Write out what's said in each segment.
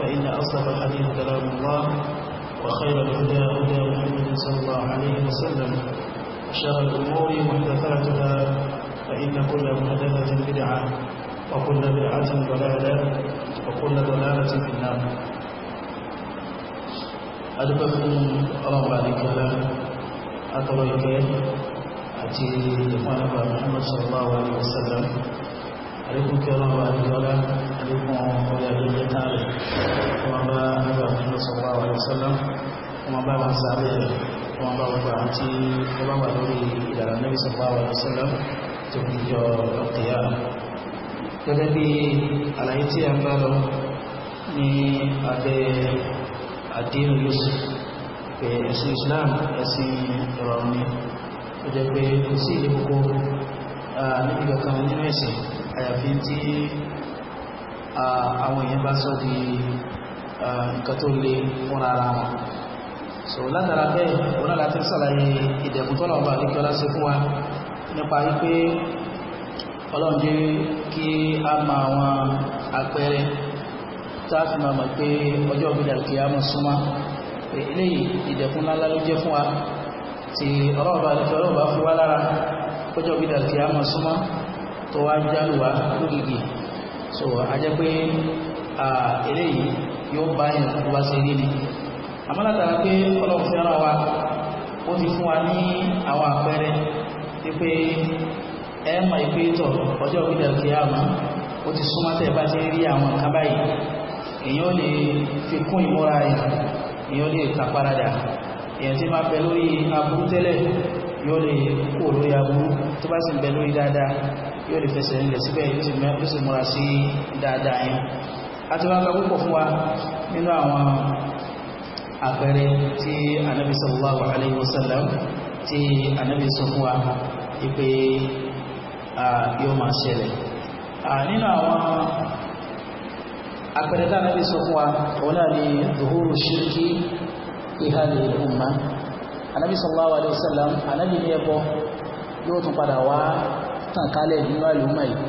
فإن أصدق الحديث كلام الله وخير الهدى هدى محمد صلى الله عليه وسلم وشر الأمور محدثاتها فإن كل محدثة بدعة وكل بدعة ضلالة وكل ضلالة في النار أدبكم الله عليك أتويك أتي محمد صلى الله عليه وسلم àlékún kí ọlọ́run bá ní ọlá àlékún orí àdójẹ́ tààrẹ wọn bá nígbà nínú sọ̀rọ̀ àwọn ìṣọ́lá wọn bá wọn sáré rẹ̀ wọn bá wọn gbà tí ó bá wà lórí ìlànà níbi sọ̀rọ̀ àwọn ìṣọ́lá tó fi jọ ọ̀kẹ́yà gẹ́gẹ́ bí àlàyé tí a ń bá lọ ní abẹ́ àdínú Yusuf pé ẹ̀sìn Islam ẹ̀sìn ìrọ̀rùn ni ó jẹ́ pé kò sí ilé gbogbo níbi kankan nínú ẹ̀sìn àyàfi tí àwọn èèyàn bá sọ di nǹkan tó lè fún ara wọn so látara bẹ́ẹ̀ wọ́n láti sàlàyé ìdẹ̀kùn tọ́lọ̀ ọba àríkẹ́ ọlá sí fún wa nípa wípé ọlọ́run jẹ́ kí a ma àwọn àpẹẹrẹ táàfì máa mọ̀ pé ọjọ́ ògbìdà kí a mọ̀ súnmọ́ eléyìí ìdẹ̀kùn lálá ló jẹ́ fún wa tí ọlọ́ọ̀bá àríkẹ́ ọlọ́ọ̀bá fún wa lára ọjọ́ ògbìdà kí a mọ̀ súnmọ́ tó wá jálùwá lógìgì so a jẹ́ pé eléyìí yóò bá yẹn tó bá ṣe rí ni àmọ́látara pé ọlọ́run fi ara wa ó ti fún wa ní àwọn àpẹẹrẹ tí pé ẹ mọ̀ ìpé tọ̀ ọjọ́ òkúta kí á mọ̀ ó ti súnmọ́ tẹ̀ bá ṣe rí àwọn nǹkan báyìí èèyàn lè fi kún ìmúra rẹ̀ èèyàn lè kà paradà èèyàn tí máa bẹ lórí aburú tẹ́lẹ̀ yóò lè kó lórí aburú tó bá sì bẹ lórí dáadáa yóò lè fẹsẹ̀ nílẹ̀ síbẹ̀ yóò sì múra sí dáadáa yẹn a ti wá gba púpọ̀ fún wa nínú àwọn àpẹẹrẹ tí anabi sallallahu alayhi wa sallam tí anabi sọ fún wa pé yóò máa ṣẹlẹ̀ nínú àwọn àpẹẹrẹ tí anabi sọ fún wa òun náà ni zuhuru shirki ihali umma anabi sallallahu alayhi wa sallam anabi ní ẹbọ yóò tún padà wá tàn kálẹ̀ nínú àlùmọ̀ yìí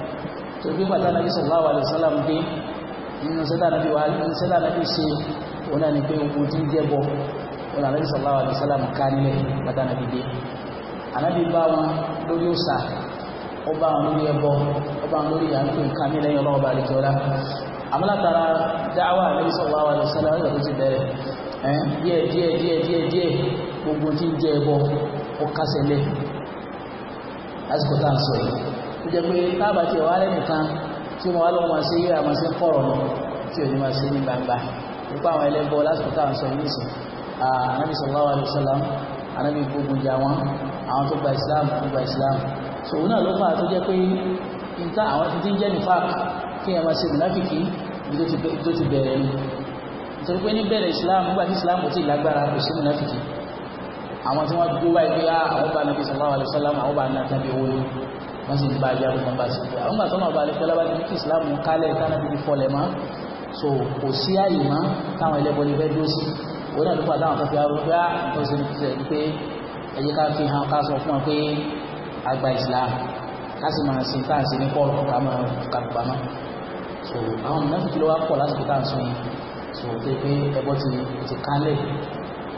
tó gbé pàtà nàbí sallallahu alaihi wasallam dé nínú sẹ́dá nàbí wà nínú sẹ́dá nàbí ṣe òun ni pé ogun tí ń jẹ́bọ òun nàbí sallallahu alaihi wasallam ká nílẹ̀ pàtà nàbí dé ànábì bá wọn lórí òsà ó bá wọn lórí ẹbọ ó bá wọn lórí àǹkó nǹkan mi lẹ́yìn ọlọ́wọ́ bá lè jọra àmúlátara dáwà nàbí sallallahu alaihi wasallam ó ti bẹ̀rẹ̀ díẹ̀ díẹ̀ díẹ̀ díẹ̀ díẹ̀ gbogbo tí ń jẹ́ ẹbọ ó kásẹ̀ lẹ́yìn lásìkò tá à ń sọ yìí tó jẹ́ pé táàbà tí ọ̀wá lẹ́nìkan tí wọ́n wá lọ́wọ́ máa ṣe yíra máa ṣe ń kọ̀rọ̀ lọ tí ò ní máa ṣe ní gbangba nípa àwọn ẹlẹ́bọ lásìkò tá à ń sọ yìí nìsín anabi sallallahu alayhi wa sallam anabi gbogbo jà wọn àwọn tó gba islam tó gba islam so òun náà ló fà tó jẹ́ pé nta àwọn ti ń jẹ́ nifak kí ẹ máa ṣe mùnáfìkì tó ti bẹ̀rẹ̀ nítorí pé ní bẹ̀rẹ̀ islam nígbà tí islam kò tí ì lágbára kò sí mùnáfìkì àwọn tí wọ́n gbó báyìí pé ah, àwọn bá nàbí sallallahu alaihi wasallam àwọn bá nàbí tàbí owó ní wọ́n sì bá ajá gbogbo bá sí pé àwọn bá tọ́nà bá lẹ́kọ́ lábá níbi islam kálẹ̀ tánàbí ní fọlẹ̀ mọ́ so kò sí ààyè mọ́ táwọn ẹlẹ́bọ ní bẹ́ẹ̀ dúró sí òun náà ló fà táwọn kọfí arúgbó pé àwọn ah, sì ní fi hàn tá à ń sin ní pọ́ọ̀lù kọ́kọ́ àmọ́ kàlùpàmọ́ so àwọn mìíràn fi kí ló wá pọ̀ lásìkò tá à ń sọ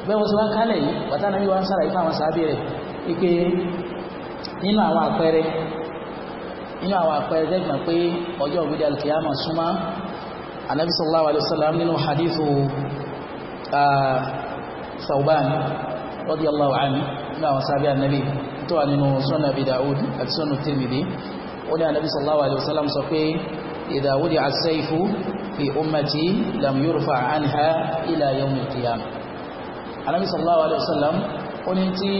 bẹ́ẹ̀ wọ́n sọ wá kálẹ̀ yìí bàtà nàbí wọ́n sára ìfà àwọn sàábì rẹ̀ wípé nínú àwọn àpẹẹrẹ nínú àwọn àpẹẹrẹ dẹ́gbọ̀n pé ọjọ́ ògbédè alkiyama súnmọ́ anabi sallallahu Ànábì sallallahu alaihi wasallam ó ní tí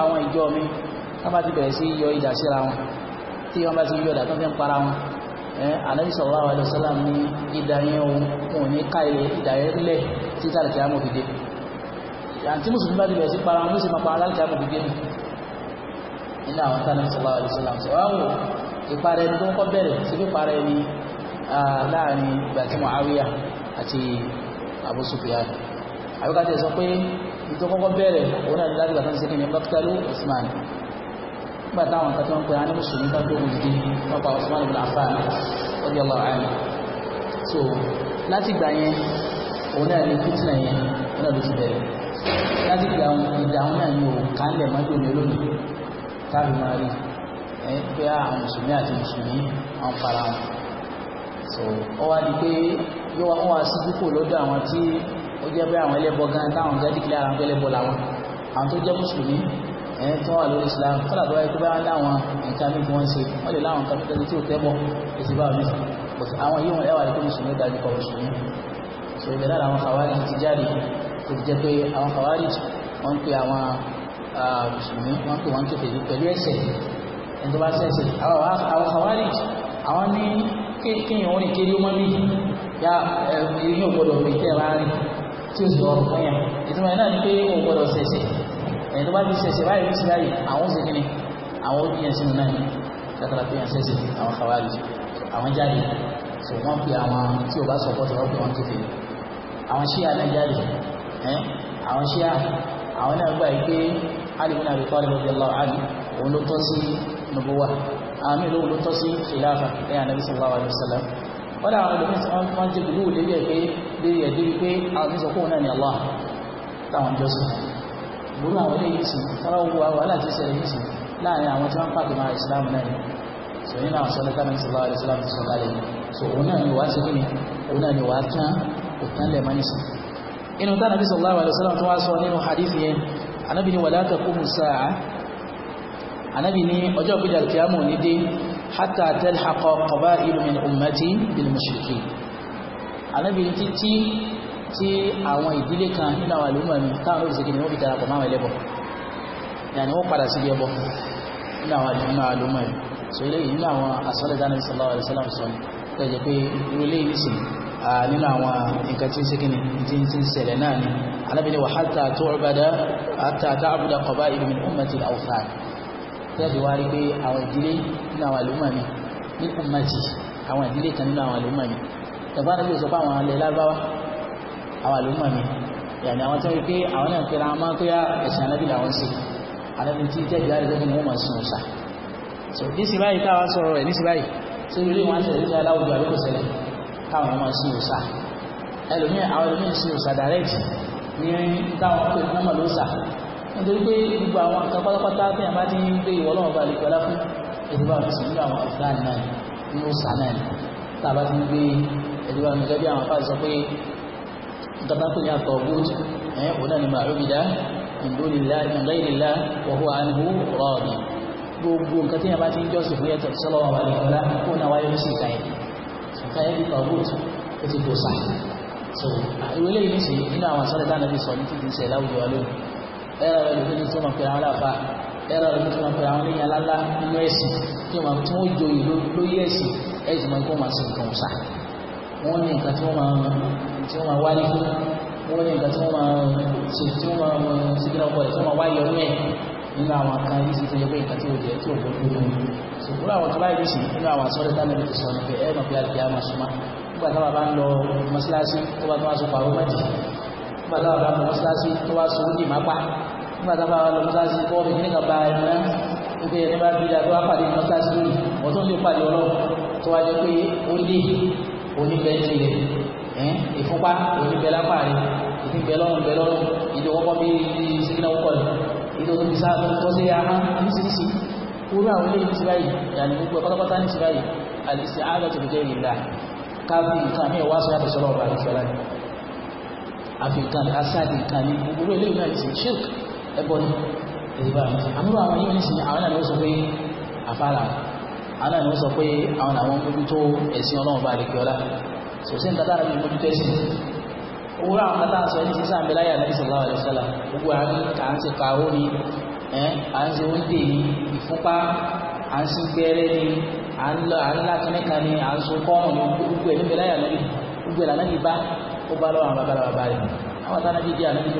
àwọn ìjọ mi wọ́n bá ti bẹ̀rẹ̀ sí yọ ìdà síra wọn tí wọ́n bá ti yọ ìdà tó fi ń para wọn Ànábì sallallahu alaihi wasallam ní ìdà yẹn òun òun ní ká ilẹ̀ ìdà yẹn lẹ̀ títà lè kíá mọ̀ fìdí àti mùsùlùmí bá ti bẹ̀rẹ̀ sí para wọn ló sì máa para láti kíá mọ̀ fìdí nínú àwọn tánà sallallahu alaihi wasallam sọ wá wò ìparẹ́ tó ń kọ́ bẹ̀rẹ̀ sí píparẹ́ ni láàrin ìgbà tí Muawiya àti Abu Sufyan àbíkájẹ́ sọ pé ìtọ́kọ́kọ́ bẹ̀rẹ̀ òun náà láti bàtà sí kíni mọ́kítàlú Usman nígbà táwọn nǹkan tí wọ́n pè á ní mùsùlùmí bá gbógun dìde wọ́n pa Usman ibn Affan radiyallahu anhu so láti gbà yẹn òun náà ní fitna yẹn òun náà ló ti bẹ̀rẹ̀ láti gbà ìgbà òun náà ní òun kà ń lẹ̀ mọ́tò ní olóòlù táàbì máa rí ẹ pé àwọn mùsùlùmí àti mùsùlùmí àwọn fara wọn so ó wá di pé yóò wá síbí kò lọ́dọ̀ àwọn tí ó jẹ́ pé àwọn ẹlẹ́bọ gan táwọn jẹ́ dìkìlẹ̀ ara pé ẹlẹ́bọ làwọn àwọn tó jẹ́ mùsùlùmí ẹ̀yìn tí wọ́n wà lórí Islam kọ́là tó wáyé pé báwọn láwọn nǹkan mi tí wọ́n ṣe wọ́n lè láwọn nǹkan mi tẹ́lẹ̀ tí ò tẹ́bọ̀ èsì báwọn ní kò sí àwọn yìí wọn ẹwà rẹ̀ pé mùsùlùmí dájú kọ mùsùlùmí so ibẹ̀ lára àwọn kàwárí ti jáde tó jẹ́ pé àwọn kàwárí wọ́n pe àwọn mùsùlùmí wọ́n pe wọ́n kéfèé pẹ̀lú ẹ̀ṣẹ̀ ẹni tó bá ṣẹ̀ṣẹ̀ àwọn kàwárí àwọn ní kéèyàn orin kiri mọ́ bí yá ẹ̀yìn ògbọ́dọ̀ mi tẹ́ ẹ̀ bá rìn tí ó sì rọrùn fún yàn ìtumọ̀ ẹ̀ náà ni pé o gbọ́dọ̀ ṣẹ̀ṣẹ̀ ẹ̀yìn tó bá fi ṣẹ̀ṣẹ̀ báyìí ó sì báyìí àwọn oṣù kìíní àwọn òbí yẹn sínú náà ni látara pé yàn ṣẹ̀ṣẹ̀ àwọn kàwáàlì àwọn jáde so wọ́n fi àwọn tí o bá sọ̀kọ́ tó wọ́n fi wọ́n kéfèé àwọn ṣíà náà jáde àwọn ṣíà àwọn náà gbà pé Ali bin Abi Talib radiyallahu anhu òun ló tọ́ sí nubuwa àmì ló ló tọ́ sí khilafa ẹ̀yà Nabi sallallahu alaihi wasallam wọ́n dà àwọn olùkọ́ débi ẹ̀ débi pé àwọn ní sọkún náà ni Allah táwọn jọ sí gbogbo àwọn ilé yìí sí tábà wo wàhálà tí ṣẹlẹ̀ yìí sí láàrin àwọn tí wọ́n pàtó máa ìsìlámù náà ni sọ nínú àwọn sọlẹ̀ tábà ìsìlámù àti ìsìlámù ti sọ lálẹ́ so òun náà ni wàá ṣe kí ni òun náà ni wàá tán òtán lẹ̀ mọ́ nísìn inú tánà bí sallallahu alaihi wasallam tó wá sọ nínú hadith yẹn anábì ni wala taqumu sa'a anábì ni ọjọ́ gbígbà kìámù ní dé hatta talhaqa qaba'il min ummati bil mushrikin ànábì ní títí tí àwọn ìdílé kan nínú àwọn àlùmọ̀ mi táwọn olùsèké ni wọ́n fi darapọ̀ máwọn ẹlẹ́bọ̀ yàní wọ́n padà sí ilé ẹbọ nínú àwọn àlùmọ̀ mi so ilé yìí nínú àwọn asọ́lẹ̀ dáná ní sallallahu alaihi wasallam sọ tó jẹ́ pé irú ilé yìí nìsín nínú àwọn nǹkan tí ń ṣe kíni tí ń ṣẹlẹ̀ náà ni ànábì ní wa hatta tu'bada hatta ta'buda nínú àwọn àlùmọ̀ mi ẹ̀gbọ́n àti ìṣọpá àwọn alẹ́ lágbáwá àwọn àlùmọ̀ mi yàní àwọn tó ń pé àwọn náà pera wọn máa ń pera ẹ̀sìn anábì làwọn sí anábì tí jẹ́ ìgbà rẹ̀ ní wọ́n máa sun ọ̀sà so níṣì báyìí táwa sọ̀rọ̀ rẹ̀ níṣì báyìí tí ó lè wọ́n ṣẹlẹ̀ níṣẹ́ aláwùjọ àbíkò ṣẹlẹ̀ káwọn máa sun ọ̀sà ẹlòmíì àwọn ẹlòmíì sun ọ̀sà direct ní táwọn pè ní mọ̀lẹ́ ọ̀sà nítorí pé gbogbo àwọn nǹkan pátápátá tí bá ti ń gbé ìwọ bá lè gbọ́lá fún ìdúgbò àti sùn àwọn ọ̀sán náà ní ọ̀sán náà tá a bá ti ń gbé ẹ̀dùn àwọn ìjọba àwọn afáàsì sọ pé ìtàbákù ní àtọ̀gùt ẹ̀ òun náà ni màálùbìdá ìgbòlìlá wọ̀hú àánú rọ̀ọ̀dì gbogbo nǹkan tí yàbá ti ń jọ́sìn fún yẹtọ̀ sọ́lọ́wọ́ àbàlẹ̀kọ́lá kó náà wáyé sí ìkàyẹ̀ ìkàyẹ̀ bí tọ̀gùt ó ti bò sáà so ìwé lè ní sí nínú àwọn sọ́lẹ̀ tá nàbí sọ ní títí ṣe láwùjọ wa lónìí ẹ̀rọ rẹ̀ ló ní tó máa pèrè àwọn láfa wọ́n ní nǹkan tí wọ́n máa tí wọ́n máa wálé fún wọ́n ní nǹkan tí wọ́n máa ṣe tí wọ́n máa sígíra ọkọ̀ rẹ̀ tí wọ́n máa wáyé ọdún ẹ̀ nínú àwọn kan yìí sì tó yẹ pé nǹkan tí ó jẹ́ tí ó bọ́ fún un ṣùgbọ́n àwọn tó báyìí lùsì nínú àwọn àsọ̀rọ̀ dáná ló ti sọ nípa ẹ̀ mọ̀ bí àti àmà súnmọ́ nígbà táwa bá ń lọ mọ́ṣáláṣí tó bá tó wá so pàrọ̀ mọ́tì nígbà táwa bá ń lọ mọ́ṣáláṣí tó wá so ní ìmápa nígbà táwa bá lọ mọ́ṣáláṣí tó wọ́n fi nígbà bá ẹ̀rọ náà wípé bá bí i àti pàdé mọ́ṣáláṣí lónìí wọ́n tó ń lè pàdé ọlọ́run tó wá jẹ́ pé ó lé oníbẹ̀ ti rẹ̀ ẹ̀ ìfúnpá oníbẹ̀ lápá rẹ̀ ìfúnbẹ̀ lọ́rùn bẹ̀ lọ́rùn ìdí ọkọ̀ bí sígínà ọkọ̀ rẹ̀ ìdí ọdún bisá tó sí ahán nísìsì orí àwọn ilé ìtì báyìí yàní gbogbo pátápátá ní ti báyìí àlìsí ààrẹ tó jẹ́ ìlà káfí nǹkan mí wá sọ́yà tẹ̀sọ́lọ́ ọba àlùfẹ́lá ni àfi nǹkan asáàdì nǹkan ní gbogbo ilé ìlú àìsí ṣírk ẹbọ ní ìdíbà àmúrò àwọn yìí ní sin àwọn ìlànà ó sọ pé àfárà àwọn àni wọ́n sọ pé àwọn àwọn mójútó ẹ̀sìn ọlọ́run bá àlekè ọlá so sí nǹkan tára mójútó ẹ̀sìn owó àwọn kan sọ ẹni sísá ń láyà lẹ́yìn sọ̀lá ọ̀rẹ́ sọ́lá gbogbo à ń kà ń ṣe ka ó ni à ń ṣe oúnjẹ ni ìfúnpá à ń sin gbẹ́rẹ́ ni à ń lọ à ń lá kínníkan ni à ń so kọ́ọ̀rùn ni gbogbo ẹ̀ níbẹ̀ láyà lẹ́yìn gbogbo ẹ̀ lànà bá ó bá lọ́wọ́ àwọn bàbá bàbá rẹ̀ àwọn táwọn bí díẹ̀ àná bí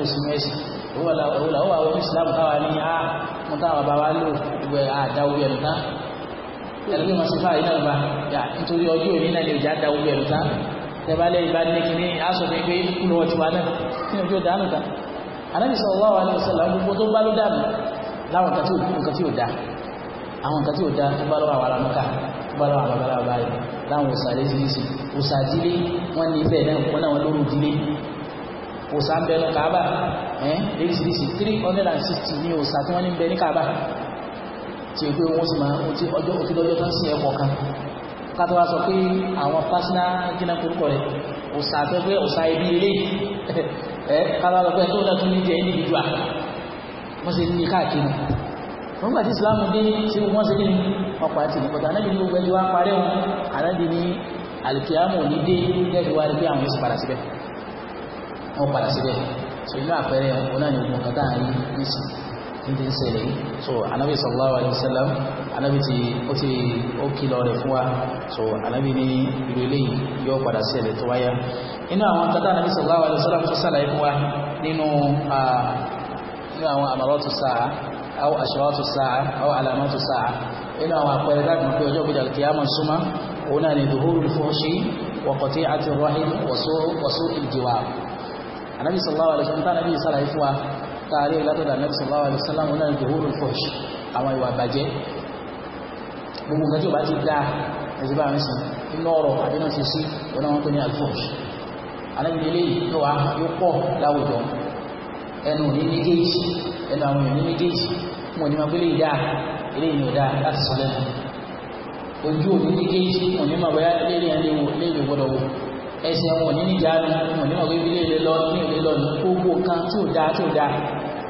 àwọn bàbá lò gbogbo àdáwó ẹ̀ nìkan ẹlòmíì wọn sì fà yín náà bá yà nítorí ọjọ́ òní náà ni ìjà da gbogbo ẹ̀rù ta tẹ́bálẹ̀ ìbá ní kíní aṣọ mi pé kú lọ́wọ́ náà kí ni ojú dànù ta anábì sallallahu alaihi wasallam gbogbo tó bá ló dànù láwọn nǹkan tí ò da àwọn nǹkan tí ò da tó bá lọ́wọ́ àwọn alámúká tó bá lọ́wọ́ àwọn alábàbà rẹ̀ láwọn òsàlẹ̀ ti níṣe òsà dílé wọn ní ibẹ̀ náà wọn náà lóru dílé òsà ń bẹ ní kaaba ẹ̀ lóríṣiríṣi three hundred and sixty ní òsà tí wọ́n ní ń bẹ ní kaaba tí o pé wọ́n sì máa ti ọjọ́ òkè lọ́jọ́ tán sí ẹ̀kọ́ kan kátó wá sọ pé àwọn pásínà jìnnà kúrúkọ rẹ̀ òsà afẹ́fẹ́ òsà ibi ilé ẹ̀ kátó wá sọ pé tó náà tún ní jẹ́ individual wọ́n sì ní káàkiri wọ́n gbà tí ìsìláàmù dé tí wọ́n sì ní ọkọ̀ àti ìdìbòtà anábì ní gbogbo ẹjọ́ wá parẹ́ wọn anábì ní alìkìyàmù ní dé lẹ́ẹ̀dì wá rí bí àwọn oṣù padà síbẹ̀ wọ́n padà síbẹ̀ so inú àpẹẹrẹ òun náà ní gbogbo nǹkan tá à ń rí nísìnyí títí ń ṣẹlẹ̀ so anabi sallallahu alayhi wa sallam anabi ti ó ti ó kìlọ̀ rẹ̀ fún wa so anabi ní ìlú eléyìí yóò padà ṣẹlẹ̀ tó wáyá inú àwọn tata anabi sallallahu alayhi wa sallam tó ṣàlàyé fún wa nínú àwọn amaratu sa'a àwọn ashratu sa'a àwọn alamatu sa'a inú àwọn àpẹẹrẹ láti mọ̀ pé ọjọ́ gbọdọ̀ kìyàmọ̀ súnmọ́ òun náà ni táàrí látọ̀dà Nabi sallallahu alaihi wasallam náà jòhóró fọ́ṣì àwọn ìwà bàjẹ́ gbogbo nǹkan tí ó bá ti dáa ẹ̀sìn bá ń sìn inú ọ̀rọ̀ àbí náà ṣe sí ọ̀nà wọn tó ní alfọ́ṣì alábìlélé yóò wá yóò pọ̀ láwùjọ ẹnu ní méjèèjì ẹnu àwọn èèyàn ní méjèèjì wọn ní ma gbélé ìdá ilé ìlú ìdá láti sọ lẹ́nu ojú òní méjèèjì wọn ní ma bọ́yá ilé ìyá ilé ìwò gbọ́dọ̀ wò ẹsẹ̀ wọn ní níjà wọn ní ma gbé ilé ìlé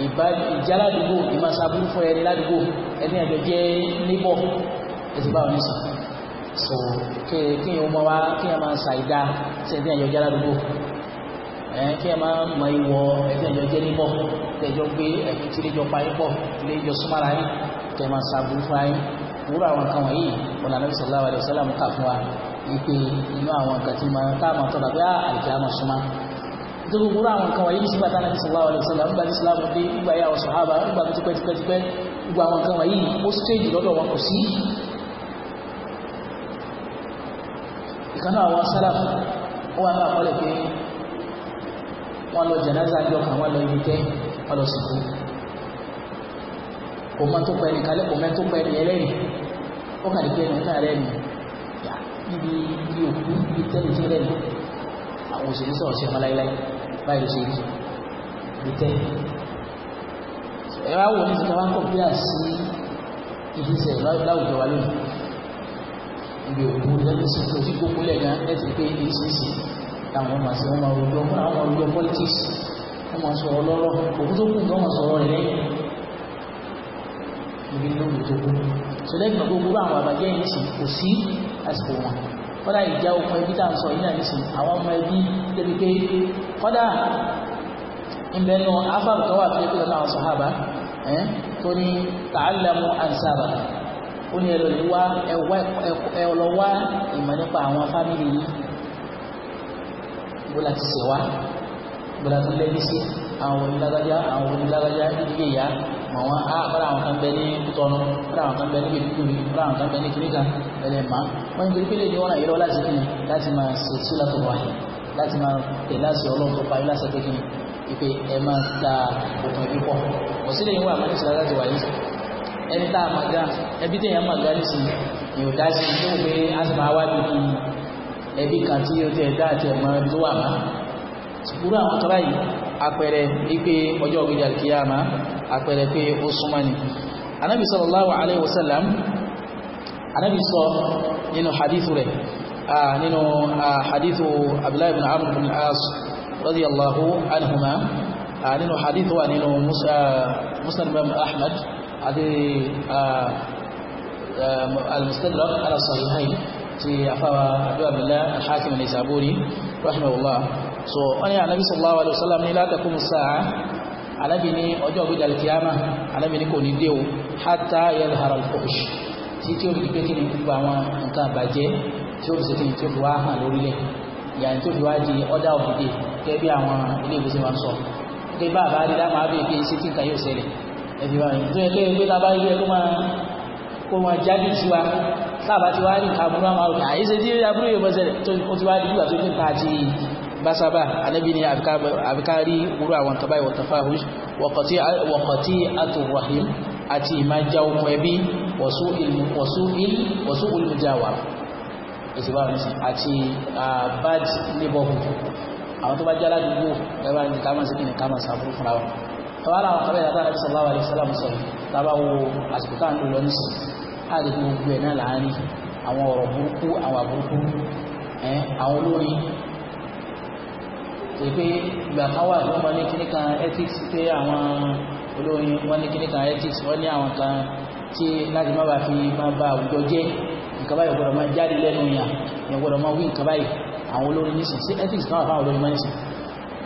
ìjà ládùúgbò ìmọ̀sábúrú fún ẹni ládùúgbò ẹni ẹ̀jọ jẹ́ níbọ̀ ẹ̀sìn báwọn nìsọ̀ so kéèyàn mọ wá kéèyàn máa ṣàìdá sí ẹni ẹ̀jọ jẹ́ ládùúgbò kéèyàn máa mọ ìwọ ẹni ẹ̀jọ jẹ́ níbọ̀ ẹ̀jọ gbé ẹ̀kú tí léjọ pa yín pọ̀ léjọ súnmọ́ra yín kẹ́ máa ṣàbúrú fún sallallahu alaihi wasallam kà fún wa wípé inú àwọn nǹkan tí máa tá tó gbogbo àwọn nǹkan wáyé sí bàtà náà sallallahu alaihi wasallam nígbà tí islam dé nígbà yà ọ̀sán àbá nígbà tó tipẹ́ tipẹ́ tipẹ́ gbogbo àwọn nǹkan wáyé ó stage lọ́dọ̀ wọn kò sí. ìkànnà àwọn sálàf wọn náà kọ́lẹ̀ pé wọn lọ jẹ̀náza jọ kàn wọn lọ ibi tẹ́ wọn lọ sìnkú kò mọ tó pẹ́ nìkan lẹ́kọ̀ọ́ mẹ́ tó pẹ́ àwọn òṣèlú sọ̀rọ̀ sí ọmọ báyìí ló ṣe rí ìtẹ́ ẹ wá wò ní ìtẹ́ka wá ń kọ̀píà sí ìdíṣẹ́ láwùjọ wa lónìí ibi òkú lẹ́nu sí tó ti gbókú lẹ̀ gan ẹ̀ ti pé acc làwọn ọmọ àti ọmọ àwùjọ fún àwọn àwùjọ politics wọ́n máa sọ ọlọ́rọ̀ òkú tó kù gan wọ́n sọ̀rọ̀ rẹ̀ lẹ́yìn ibi lóògùn tó kù sọlẹ́gbọ̀n gbogbo àwọn àbájẹ́ yìí kò sí àsìkò wọn kọ́dà ìjà okùn ẹbí tá à ń sọ yìí náà nìsín àwọn ọmọ ẹbí débi pé kọ́dà ìbẹ̀nu afárò tó wà tó yẹ kó lọ́nà àwọn sọ̀hábà tó ní tààlẹ́mú ànsábà ó ní ẹlò lè wá ẹlọ wá ìmọ̀ nípa àwọn fámìlì yìí àwọn onílágájá àwọn onílágájá ìdílé ìyá àwọn àbára ah, àwọn kan bẹ ní tọnu àbára àwọn kan bẹ ní bèbúkúmi àbára àwọn kan bẹ ní kìnìkà ẹlẹ́ ma wọ́n ní pípé lè ní wọ́n àyẹ̀rọ láti kí ni láti máa ṣe sí láti wà yìí láti máa tẹ̀ láti ọlọ́run tó parí láti ẹgbẹ́ ni ìpè ẹ máa ta òkun ẹbí pọ̀ kò sí lè ní wọ́n àmọ́ láti wà ẹni tá a máa ga ẹbí tẹ̀yà máa ga nísìnyí ìyọ̀dá sí i tó wù pé a máa wá bí ẹbí kan tí ó tẹ̀ dá àti ẹ̀mọ́ ṣùgbúrú àwọn tọ́lá yìí àpẹẹrẹ wípé ọjọ́ ògbèjà kìyàmá àpẹẹrẹ pé ó súnmọ́ ni anábì sallallahu alaihi wasallam anábì sọ nínú hadithu rẹ̀ nínú hadithu abdullahi bin amr bin as radiyallahu anhuma nínú hadithu wa nínú musnad bin ahmad àti al-mustadrak ala sahihayn ti afawa abu abdullahi al rahimahullah so wọ́n ní anabi sallallahu alayhi wa sallam ní la taqumu sa'a anabi ní ọjọ́ ògbé dalikiyama anabi ní kò ní dé o hatta yadhhara al-fuhsh tí tí o fi pé kí ni gbogbo àwọn nǹkan àbàjẹ́ tí o fi ṣe kí ni tí o fi wá hàn lórílẹ̀ yàrá tí o fi wá di ọ̀dà òbíde gẹ́gẹ́ bí àwọn ilé ìgbésẹ̀ máa ń sọ pé bá àbá rí dáhùn àbẹ̀ kí ṣe tí nǹkan yóò ṣẹlẹ̀ ẹ̀fì wa ìlú ẹ̀ lé ẹgbẹ́ tábà rí ẹ kó máa kó máa jáde sí wa sábà ti wá rí nǹkan aburú àmọ́ àrùn àyíṣe tí aburú yóò bọ́ ṣẹlẹ̀ tó ti wá di nígbà tó ti ta ti bá sábà anábì ní àfikárí wúrú àwọn tàbá ìwọ̀n tafahush wọ̀kọ̀tí àtòwàhìm àti ìmájá okùn ẹbí wọ̀sú olùjáwà ìsìbáwọ̀nsì àti bad neighborhood àwọn tó bá jẹ́ aládùúgbò ẹgbà ní kàmà sí kìnnì kàmà sàbúrú fúnra wọn tọ́wàrà àwọn kàbẹ̀ ìdátà àti sàlọ́wà àti sàlámù sọ̀rọ̀ tàbá wo àsìkò tá à ń lò lọ́nà sí àdìgbò gbogbo ẹ̀ náà láàárín àwọn ọ̀rọ̀ burúkú àwọn àbúrúkú àwọn olórin pé ìgbà kan wà ló máa ní kíní kan ethics pé àwọn olórin wọ́n ní kíní kan ethics wọ́n ní àwọn kan tí láti má bàa fi má ba àwùjọ jẹ́ nǹkan báyìí gbọ́dọ̀ máa jáde lẹ́nu yàn yẹn máa wí nǹkan àwọn olórin nísìn sí ethics náà fáwọn olórin máa nísìn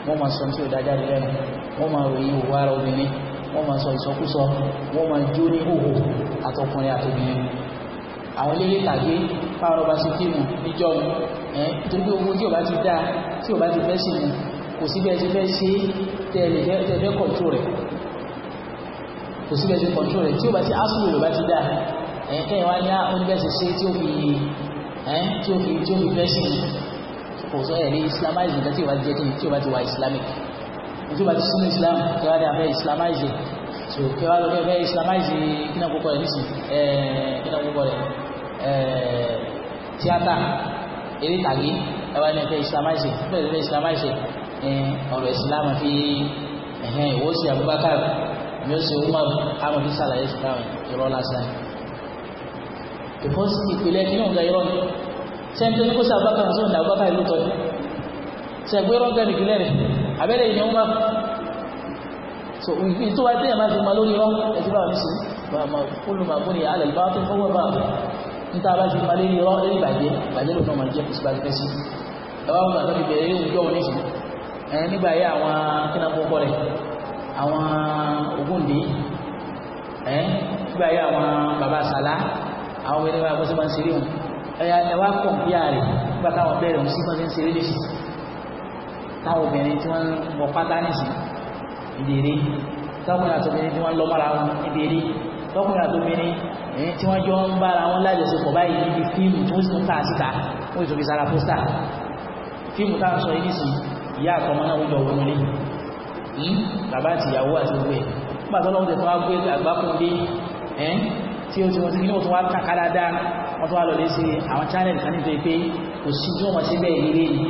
wọ́n máa sọ tí ò dá jáde lẹ́nu wọ́n máa ròyìn òwò ara obìnrin wọ́n máa sọ ìsọkúsọ wọ́n máa jó ní hòhò àtọkùnrin àtobìnrin àwọn ilé tàgé fáwọn ọba sí fíìmù níjọ́ ẹ̀ torí pé ogun tí ò bá ti dáa tí ò bá ti fẹ́ sí mu kò síbẹ̀ ti fẹ́ ṣe tẹ́ẹ̀lẹ̀ kọ̀tún rẹ̀ kò síbẹ̀ ti kọ̀tún rẹ̀ tí ó bá ti asùnwò ló bá ti dá ẹ̀ẹ́kẹ́ wá ní oníbẹ̀sẹ̀ ah, ṣe tí ó fi tí ó fi tí ó fi fẹ́ sí kò sọ ẹ̀rí islamize nǹkan tí ó bá ti jẹ́ kí tí ó bá ti wà islamic tí ó bá ti sún islam kí wá dé abẹ́ islamize e. so kí wá lọ fẹ́ islamize e, kí náà kókó rẹ̀ nísìn kí náà kókó rẹ̀ tíátà eré tàgé ẹwà ní ẹ̀fẹ́ islamize bẹ́ẹ̀ fẹ́ islamize e. ọ̀rọ̀ ìsìláàmù fi ẹ̀hẹ́n ìwọ sí Abubakar mi ó sì Umar káwọn fi sàlàyé ìsìláàmù irọ́ lásán because ìpìlẹ̀ kí náà ń ga irọ́ ni sẹ́ńtẹ́ ní kó sí Abubakar sóhun ní Abubakar ìlú tọ́jú sẹ́gbẹ́rọ́ gẹ̀rì ìpìlẹ̀ rẹ̀ abẹ́rẹ́ ìyẹn Umar so ìpín máa fi ma lórí irọ́ ẹ̀sìn báwọn ní sí yà tó ẹ nígbà yẹ àwọn kínàkókọ rẹ àwọn Ògúndé ẹ nígbà yẹ àwọn baba sàlá àwọn ọmọ ẹlẹ́wà gbọ́sẹ̀ máa ń ṣeré wọn ẹ̀yà ẹ̀wà kọ̀m̀pìà rẹ̀ nígbà táwọn bẹ̀rẹ̀ wọn sí máa ń ṣeré nìsí táwọn obìnrin tí wọ́n ń wọ pátá nìsí ìdèrè tọkùnrin àtòmìnrin tí wọ́n lọ mọ́ra wọn ìdèrè tọkùnrin àtòmìnrin ẹ̀yìn tí wọ́n jọ ń bára wọn lájọsọpọ̀ báyìí níbi fíìmù tí wọ́n sì síta wọ́n sì pósítà fíìmù táwọn sọ yìí nìsí ìyá àtọmọ náà wọ́n jọ wọ́n lé hmm? bàbá àti ìyàwó àti gbogbo ẹ̀ nígbà tó lọ́wọ́ tẹ̀sán wá gbé àgbákùn dé ẹ́ tí ó ti wọ́n ti kí ní wọ́n wá kàkà wọ́n tó wá lọ sí àwọn channel kan nítorí pé kò sí tí wọ́n ṣe bẹ́ẹ̀ eré yìí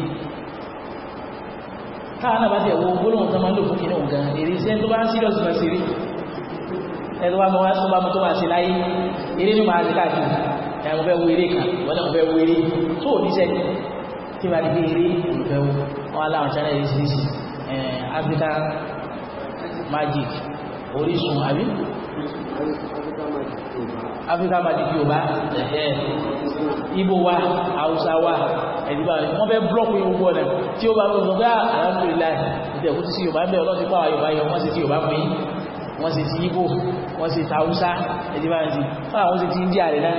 káà náà bá tẹ̀ wo gbólóhùn tó máa lò fún kí náà gan eré iṣẹ́ tó bá ń serious lọ sí rí ẹ̀rọ wa máa tó bá mú tó máa ṣe láyé eré ní máa ṣe káàkiri ẹ̀ mo fẹ́ wo eré kan wọ́n náà mo fẹ́ wo eré tó ò níṣẹ́ kí máa wọ́n aláwọn channel oríṣiríṣi Africa Magic Orísun àbí Africa Magic Yorùbá Igbo wa Hausa wa ẹ̀dùbà rẹ̀ wọ́n fẹ́ blọ́ọ̀kù gbogbo ọ̀nà tí ó bá lọ sọ pé àlàmúlélà ah, ìtẹ̀kù sí Yorùbá ń bẹ̀ ọlọ́sípọ̀ àwọn Yorùbá yọ wọ́n sì ti Yorùbá fún yín wọ́n sì ti Igbo wọ́n sì ta Hausa ẹ̀dùbà rẹ̀ sí fún àwọn sì ti India rẹ̀ náà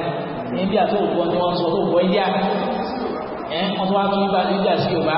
India tó gbọ́ tí wá tún India sí Yorùbá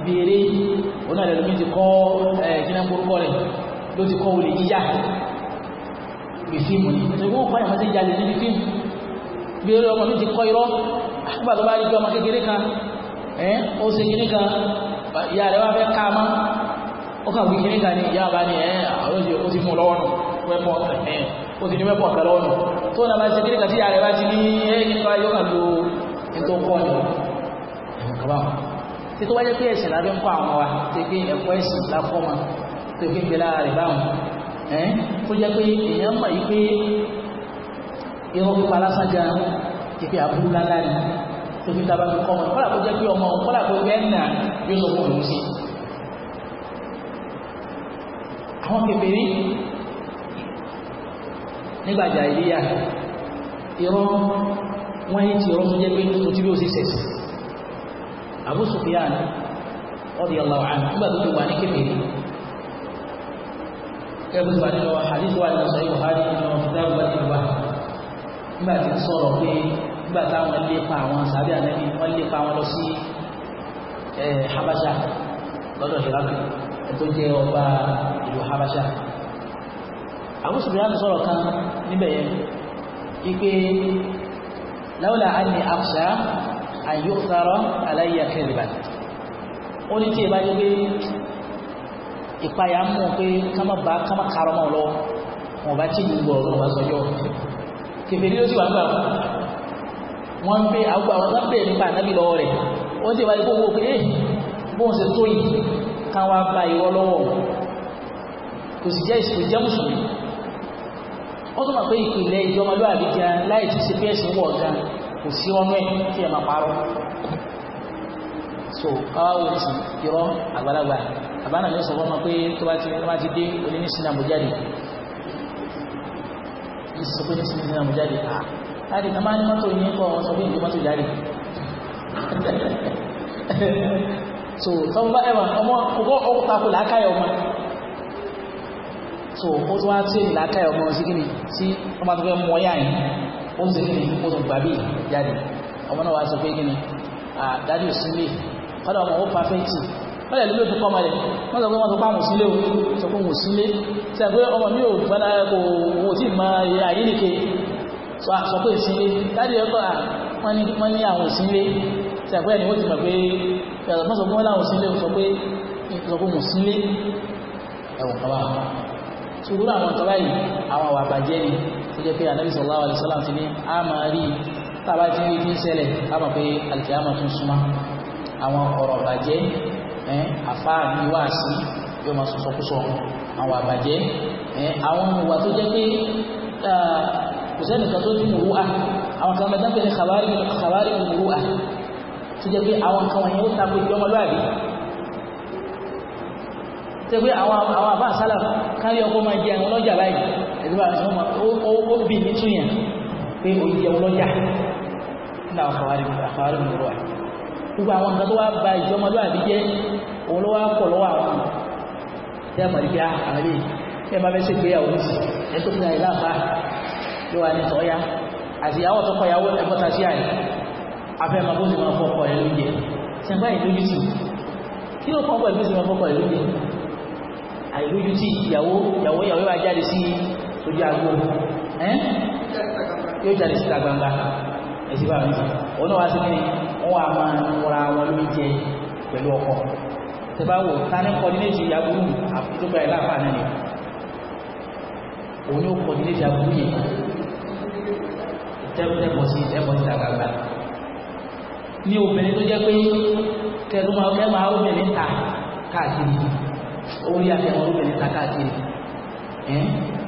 ibi eré òun náà lẹ́lọ́mí ti kọ́ ẹ̀kínàkórúkọ rẹ̀ ló ti kọ́ olè jíjà bí fíìmù ni ṣùgbọ́n ọ̀pọ̀ ìyàmọ́ sí jalè níbi fíìmù bí eré ọmọ mi ti kọ́ irọ́ nígbà tó bá rí ọmọ kékeré kan ẹ̀ ó ṣe kíní kan ìyá rẹ̀ wá fẹ́ ká a mọ́ ó kà wí kíní kan ni ìyá bá ní ẹ̀ àwọn oṣù ó ti fún lọ́wọ́ nù wẹ́pọ̀ ẹ̀ ó ti ní wẹ́pọ̀ kan lọ́wọ́ nù tó náà bá ṣe kíní kan tí ìyá rẹ̀ bá ti ní ẹ̀ kíní tí tó wáyé pé ẹ̀sìn lábẹ́ ń kọ́ àwọn wa tí pé ẹ̀kọ́ ẹ̀sìn lápọ̀ wọn tó fi ń gbé lára rẹ̀ báwọn ẹ̀ kó jẹ́ pé èèyàn mọ̀ yí pé irun pípa lásán gan ìpè àbúrú lálá ni tó fi tábà fi kọ́ wọn kọ́là kó jẹ́ pé ọmọ kọ́là kó gbẹ́ nà yóò sọ fún òun sí. àwọn kékeré nígbàjà ìlíyà irun wọ́n yé ti irun tó jẹ́ pé tó ti bí ó sì sẹ̀sìn Abu Sufyan radiyallahu anhu nígbà tó ti wà ní kékeré kẹ́bù ti wà nínú àdìsí wà nínú sọ́yìn Buhari nínú fìdáwù wà nínú wà nígbà tí ń sọ̀rọ̀ pé nígbà táwọn lépa àwọn sàbí ànábi wọ́n lépa wọn lọ sí Habasha lọ́dọ̀ Hiraku tó jẹ́ ọba ìlú Habasha Abu Sufyan sọ̀rọ̀ kan níbẹ̀ yẹn wípé láwùlà á ní àyùkúsárọ̀ aláìyàkẹ́rìbàn ó ní tí ẹ bá jẹ́ pé ìpayà mú pé kámá bá kámá lọ wọn bá tí gbogbo ọ̀rọ̀ wọn sọjọ́ kèfèrí ló sì wà ń gbà wọn pé àgbà wọn bá bẹ̀rẹ̀ nípa ànábì lọ́wọ́ rẹ̀ ó ti wá ní gbogbo pé eh, bóun ṣe tó yìí káwọn bá ìwọ kò sí ọmọ ẹ̀ kí ẹ máa parọ́ so káwáwò ti irọ́ àgbàlagbà àbánà ló sọ fún ọmọ pé tó bá ti tó bá ti dé oní ní sinamu jáde yìí sọ pé ní sinamu jáde ah, à láti ká máa ní mọ́tò yìí kọ́ ọ sọ pé ní mọ́tò jáde so tọ́wọ́ bá ẹwà ọmọ ọgbọ́ ọkùtakù làákàyọ̀ ọmọ so ó tún wá tí èyí làákàyọ̀ ọmọ sí kí ni tí ọmọ tó fẹ́ mọ́ yáyìn ó ń segin ní ó tún gbà bí jáde ọmọ náà wá sọ pé gíní àdájú sílé kọ́dà ọmọ ó pàfẹ́tì wọ́n lè ló tún kọ́ ọmọdé wọ́n sọ pé wọ́n sílé ò ma ayé nìke sọ pé sílé dájú ẹ̀kọ́ wọ́n ní àwọn sílé sọ pé ẹni wọ́n ti mọ̀ pé wọ́n sọ pé wọ́n láwọn sílé sọ pé wọ́n sílé ẹ̀wọ̀n tó jẹ́ pé anabi sallallahu alayhi wa sallam ti ní a máa rí tába ti rí kí n ṣẹlẹ̀ a máa pé alikiyama tún súnmọ́ àwọn ọ̀rọ̀ bàjẹ́ ẹ̀ afa ni wáàsí yóò máa sọ sọkúsọ àwọn àbàjẹ́ ẹ̀ àwọn ìwà tó jẹ́ pé kò sẹ́nìkan tó dín mùrúà àwọn kan bẹ dábẹ́ kàwárí mùrúà tó jẹ́ pé àwọn kan wọ̀nyí ó tako ìjọmọlúwàbí tẹ́ pé àwọn àbá àsálà kárí ọkọ̀ máa jẹ àwọn ọlọ́jà báyìí ẹ̀dùn bá sọ ó bì ní túnyàn pé o jẹ ọlọ́jà ní àfàwárí mi rọ̀ gbogbo àwọn nǹkan tó wá ba ìjọmọdé àbí jẹ́ òun ló wá pọ̀ lọ́wọ́ àwọn ah, tí a mọ̀lẹ́bí àwọn ilé ẹ̀ máa fẹ́ ṣe ìgbéyàwó ní sí ẹ̀ tó fi náà ilá àbá ló wà ní sọ́yá àti ìyàwó tó kọyàwó ẹ̀kọ́ta sí àyè afẹ́ máa bó ti máa fọ́kọ̀ ẹ̀ lóúnjẹ tí a báyìí lójú sí kí ló kọ́ pẹ̀lú ti máa fọ́kọ̀ ẹ̀ lóúnjẹ àìlójú sí ìyàwó ìyàwó ìyàwó wa jáde sí tó jẹ́ agbó yóò jáde síta gbangba ẹ̀sìn bá mi òun náà wá sí kíni wọ́n wà máa wọra wọn lórí jẹ pẹ̀lú ọkọ̀ tẹ bá wò tani kọ́dínéètì aburú àfitúgba ẹ̀ láǹfà náà ni òun yóò kọ́dínéètì aburú yẹn tẹ́kọ̀ọ́ sí ẹ̀kọ́ síta gbangba ní obìnrin tó jẹ́ pé kẹlu máa fẹ́ máa obìnrin ta káàkiri orí àfẹ́mọ́ obìnrin ta káàkiri ẹ̀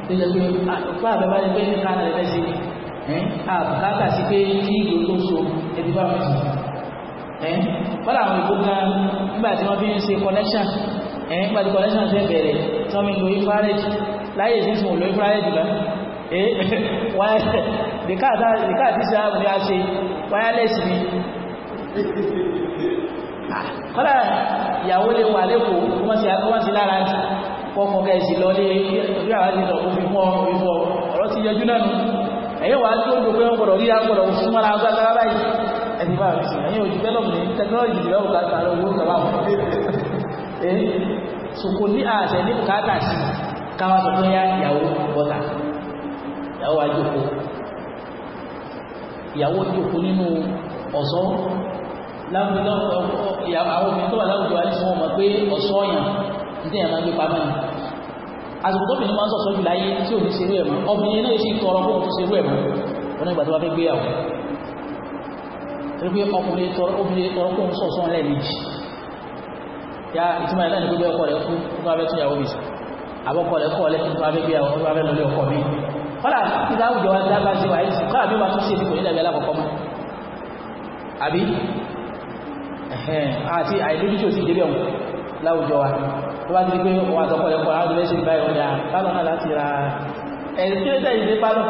tó jẹ́ pé àtọ́fà bàbá rẹ̀ pé nǹkan rẹ̀ fẹ́ ṣe ẹ́ àbùkátà sí pé kí ìlú tó so ẹbí bá wọn sùn ẹ́ bọ́lá àwọn ìbò kan nígbà tí wọ́n fi ń ṣe collection ẹ́ nígbà tí collection ṣe bẹ̀rẹ̀ tí wọ́n fi lo infrared láyé ìsinsìn òlò infrared bá ẹ́ dèkáà tí sáà ní a ṣe wireless ni kọ́lá ìyàwó lè wà lẹ́kọ̀ọ́ wọ́n sì lára ti kọ́kọ́ kẹ́ẹ̀sì lọ ní ìrí àwọn ìlọ̀ òfin fún ọmọ ìfọ́ e. ọ̀rọ̀ ti yẹjú náà nù ẹ̀yẹ́ wà tí ó gbogbo ọgbọ̀rọ̀ rí agbọ̀rọ̀ súnmọ́ra agbára báyìí ẹni bá rí sí ẹ̀yẹ́ òjú tẹ́lọ̀mù ní tẹkinọ́lọ́jì ìjìlẹ̀ òkà tààrà owó tàbá ẹ̀yìn sòkò ní àṣẹ ní bùkátà sí káwà tó yá ìyàwó bọ́ta ìyàwó àjòkó ìyàwó jòkó nínú ọ̀sọ́ láwùjọ àwọn obìnrin tó wà láwùjọ àdìsí wọn mọ̀ pé ọ̀sọ́ yàn ìdí ẹ̀ma gbé pamọ́ ni àsìkò tó bìnrin máa ń sọ̀sọ́ jù láyé tí ò ní ṣerú ẹ̀mọ́ obìnrin náà sì tọrọ kó tó ṣerú ẹ̀mọ́ wọn ìgbà tó bá fẹ́ gbéyàwó torí pé ọkùnrin tọrọ obìnrin tọrọ kó ń sọ̀sọ́ lẹ́ẹ̀mejì ya ìtumọ̀ ẹ̀ náà ni pé ọkọ rẹ̀ kú tó bá fẹ́ tún yàwó mi àbọ̀kọ rẹ̀ kọ́ lẹ́kùn tó bá fẹ́ gbéyàwó tó bá fẹ́ lọlé ọkọ mi kọ́lá ìdá àwùjọ wa dábàá sí wa ẹ̀sìn kọ́lá mi máa tún sí èmi kò ní dàbí alákọ̀ọ́kọ́ mọ́ àbí àti àìlójúṣe òsì débẹ̀ wọn láwùjọ wa tó bá ti di pé wà á tọkọ lẹ́kọ̀ọ́ láwùjọ lẹ́sẹ̀ báyìí ọjà pálọ̀ náà láti ra ẹ̀sìn tí ó tẹ̀yìn dé pálọ̀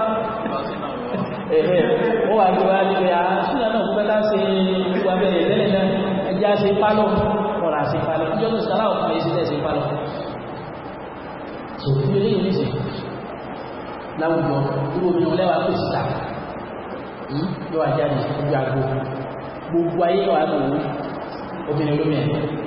ẹ̀hẹ́ ó wà ní wáyé pé a ṣúná náà gbogbo ẹ̀dá ṣe gbogbo abẹ́rẹ́ lẹ́yìn náà ẹjẹ́ á ṣe pálọ̀ ọ̀rà ṣe pálọ̀ ọjọ́ tó sàrà òkú èsì tẹ̀ ṣe pálọ̀ tó fi eléyìí ní sìn láwùjọ irú omi ọlẹ́wà tó sì ta hmm? yóò wá jáde ojú àgbo gbogbo ayé wà lòun obìnrin olómi ẹ̀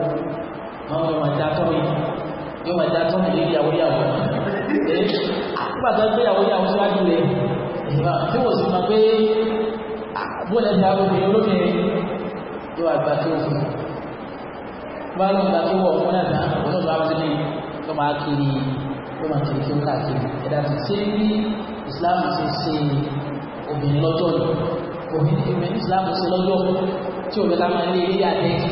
wọn yóò máa dátọ́ mi yóò máa dátọ́ mi lé ìyàwó yàwó nígbà tó gbé ìyàwó yàwó síwájú rẹ̀ ìgbà tí wọ́n sì máa pé bóòlẹ̀ ti àwọn obìnrin olóbìnrin yóò wá gbà kí ó fún un bá lóun gbà kí wọ́n fún náà náà òun náà bá wọ́n ti ní tó máa kiri tó máa kiri tó ń káàkiri ẹ̀dá ti ṣe bí Islam ti ṣe obìnrin lọ́jọ́ ni obìnrin Islam ṣe lọ́jọ́ tí òun bẹ́ẹ̀ ká máa lé ilé àdẹ́kì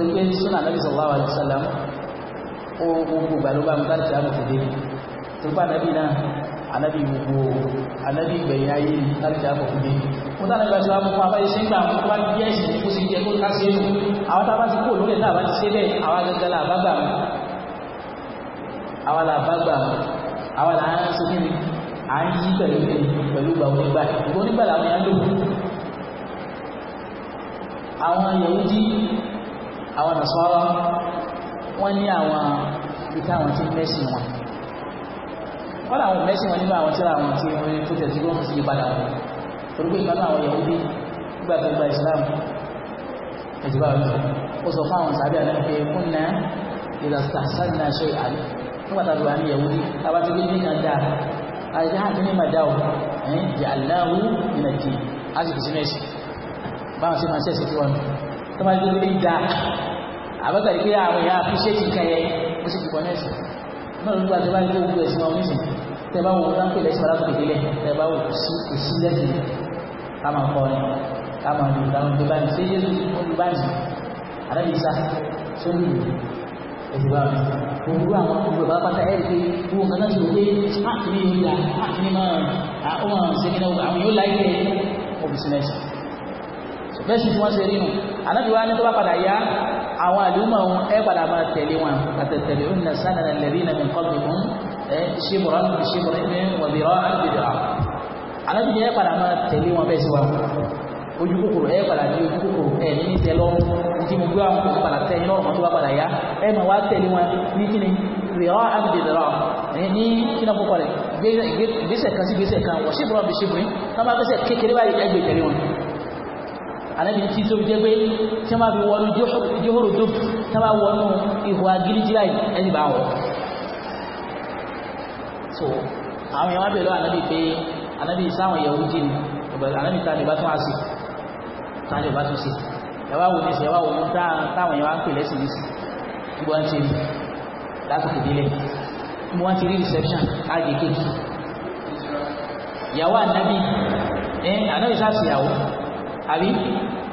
torí pé súnà nàbí sallallahu alaihi wasallam ó gbogbo gbàlúgbà mú láti àmọ̀ fìdí tó bá nàbí náà anabi gbogbo anabi gbẹ̀yìn ayé láti àmọ̀ fìdí mo tá nàbí aṣọ àmọ̀ fún abáyé sí gbà mú wá bí ẹ̀sìn kó sì jẹ kó ká sí ẹnu àwọn tá a la bá gbà la bá gbà la ń sọ kíni à ń yí pẹ̀lú pẹ̀lú gbà wọn gbà ìgbónígbà làwọn àwọn nàṣọ́rọ́ wọ́n ní àwọn ìta àwọn tí mẹ́sìn wọn wọ́n làwọn mẹ́sìn wọn nínú àwọn tíra àwọn tí wọ́n tó tẹ̀ tí wọ́n fi padà wọn orúkọ ìgbàlá àwọn Yahudi nígbà tó gba Islam ẹ̀jẹ̀ bá wọn ó sọ fún àwọn sàbí àná pé kún ná ìdàsà sáàdì náà ṣe àlè nígbà tó gba ní Yahudi tábà tó gbé ní kan dáa àti àti ní màdá o ẹ̀yìn jẹ́ aláwú ìnàjì á sì kìí sí mẹ́sìn báwọn sì máa ṣẹ̀ṣẹ̀ tí tó máa gbé lé da àbẹ́kà ní pé àwọn èèyàn appreciate nǹkan yẹn ó sì dìbọn náà sí náà ló ń gbà tó bá ní kó gbogbo ẹ̀sìn wọn nísìn tẹ́ bá wò ó dáńpẹ́ lẹ́sìn aláàbò kékeré tẹ́ bá wò ó sí èsì lẹ́sìn ká máa kọ́ ni ká máa lò láwọn ìjọba ní ṣé yéé lórí báyìí àdáyé sá tó ń lò ẹ̀sìn bá mi gbogbo àwọn gbogbo bá pátá ẹ̀rí pé gbogbo nǹkan náà sì wò pé máàkì ní ìlú bẹ́ẹ̀ sì tí wọ́n ṣe rí nù ànábì wa ní tó bá padà yá àwọn àlùmọ̀ ọ̀hún ẹ padà máa tẹ̀lé wọn àtẹ̀tẹ̀lé ó nà sánà nà lẹ́rí nà mí kọ́ mi kún ẹ ṣíbùrọ̀ ní ṣíbùrọ̀ ní wọ̀bìrọ̀ àbìdọ̀ ànábì ní ẹ padà máa tẹ̀lé wọn bẹ́ẹ̀ sì wà ojú kòkòrò ẹ padà di ojú kòkòrò ẹ ní ní tẹ lọ́rùn tí mo gbé àwọn kòkòrò padà tẹ iná ọ̀rọ̀ tó bá padà yá ẹ máa wá tẹ̀lé wọn ní kíni rìọ́ àbìdẹ̀dọ̀rọ̀ ní kíni ọkọ̀ rẹ̀ gbèsè kan sí gbèsè kan wọ̀ ṣíbùrọ̀ bí ṣíbùrọ̀ náà bá gbèsè kékeré báyìí ẹgbẹ̀ tẹ̀lé wọn anábì tí tó fi jẹ́ pé tí wọ́n fi wọnú jóhóró tó tí wọ́n wọnú ihò agídíjìlá yìí ẹni bá wọ̀ so àwọn èèyàn wá bẹ̀rẹ̀ anábì pé anábì sáwọn ìyàwó jìn anábì tani bá tún wá sí tani bá tún sí ẹwà wò ní sí ẹwà wò ní táwọn èèyàn wá ń pè lẹ́sìn ní sí gbogbo wọn ti rí lásìkò délé gbogbo wọn ti rí reception àgbègbè ìyàwó anábì ẹ anábì sáà sí ìyàwó àbí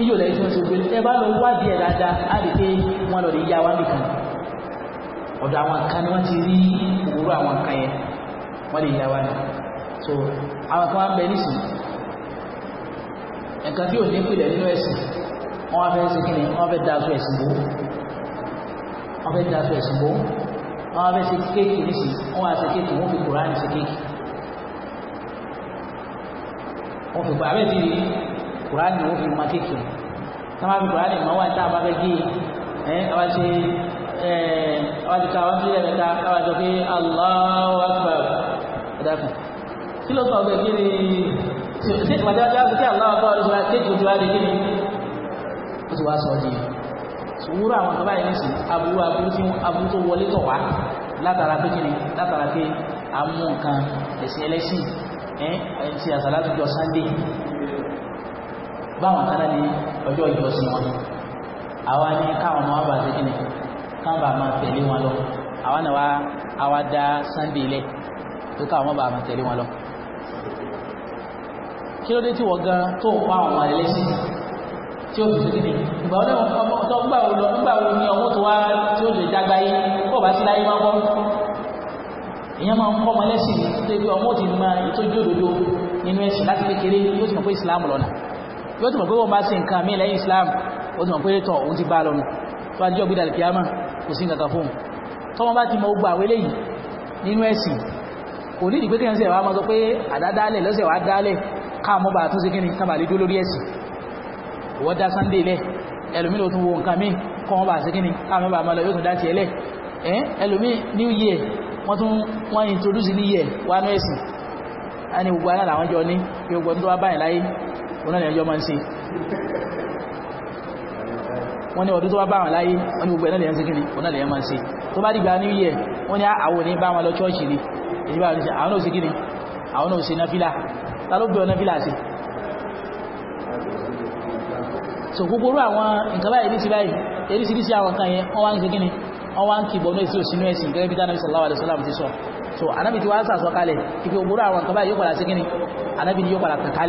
níjò lẹ́yìn tí wọ́n ti gbé ẹ bá lọ wádìí ẹ̀ dáadáa á rí pé wọ́n lọ lè yá wá nìkan ọ̀dọ̀ àwọn kan ni wọ́n ti rí òwúrọ̀ àwọn kan yẹn wọ́n lè yá wá ní so àwọn kan wá ń bẹ nísìn nǹkan tí ò ní pìlẹ̀ nínú ẹ̀sìn wọ́n fẹ́ ṣe kí ni wọ́n fẹ́ da aṣọ ẹ̀sìn bò wọ́n fẹ́ da aṣọ ẹ̀sìn bò wọ́n fẹ́ ṣe kéèkì nísìn wọ́n wá ṣe kéèkì wọ́n fi kùránì ṣe kéèkì wọ́n fi gbà ti kùránì ó fi máa kéèkì sábà fi kùránì máa wà níta àbábẹ́ gé ẹ àwa ṣe ẹ àwa ti ka àwa ti rẹ̀ ta àwa sọ pé Allahu Akbar ẹ̀dá kan kí ló sọ ọ̀gbẹ́ kí ni ṣe ìpàdé wájú àti Allahu Akbar ló sọ wá kéèkì ojú wa lè kí ni ó ti wá sọ ọ́ di sùwúrò àwọn kan báyìí nísìn aburú aburú tí aburú tó wọlé tọ̀ wá látara pé kí ni látara pé amú nǹkan ẹ̀sìn ẹlẹ́sìn ẹ̀ ẹ̀ ti àṣà látijọ́ Sunday báwọn kan náà ní ọjọ́ ìjọsìn wọn àwa ní káwọn ọmọ wa bá ṣe kíni káwọn bá máa tẹ̀lé wọn lọ àwa náà wá àwa dá sunday lẹ̀ tó káwọn ọmọ bá máa tẹ̀lé wọn lọ. kí ló dé tí wọ́n gan tó pa àwọn ọmọ ẹlẹ́sìn tí ó fi ṣe kíni ìgbà wọn tó gbà wò lọ nígbà wo ni ọmọ tó wá tí ó lè jágbá yé kó bá sí láyé máa bọ́ ìyẹn máa ń kọ́ ọmọ ẹlẹ́sìn ní títí ọmọ ti máa ètò ìjódodo nínú ẹ̀sìn láti kékeré yóò sì mọ̀ pé ìsìlámù lọ́nà yóò tún mọ̀ pé wọ́n bá sí nǹkan mí lẹ́yìn islam ó tún mọ̀ pé tọ̀ òun ti bá lọ nù tó àjọ gbídà lè kíámà kò sí nǹkan fóun tọ́wọ́n bá ti mọ ogbà wélé yìí nínú ẹ̀sìn kò ní ìdìgbé ni kábà lè dó lórí ẹ̀sìn wọ́n dá sunday lẹ̀ ẹlòmílò tún ni káàmọ́ bá mọ́ lọ yóò tún new year wọ́n tún wọ́n new year wánú ẹ̀sìn a ní gbogbo aláàlá àwọn jọ ní òun náà lẹ́yìn ọmọ ń ṣe wọ́n ní ọdún tó bá bá wọn láyé wọ́n ní gbogbo ẹ̀ náà lẹ́yìn síkìrì òun náà lẹ́yìn máa ń ṣe tó bá dìgbà ní yẹ wọ́n ní ah, àwọn òní bá wọn lọ chọ́ọ̀chì ni èyí bá wọn ṣe àwọn náà síkìrì àwọn náà ṣe náfìlà ta ló bẹ̀ náfìlà sí so gbogbo orú àwọn nǹkan báyìí níṣì báyìí eríṣiríṣi àwọn kan yẹn wọ́n wá ń ṣe kíni wọ́n wá ń kì bọ̀ ní èsì òsínú ẹ̀sìn gẹ́gẹ́ bí dáná sallallahu alaihi wasallam ti sọ so anábì ti wá sàsọ kalẹ̀ ìpè ògbóró àwọn nǹkan báyìí yóò padà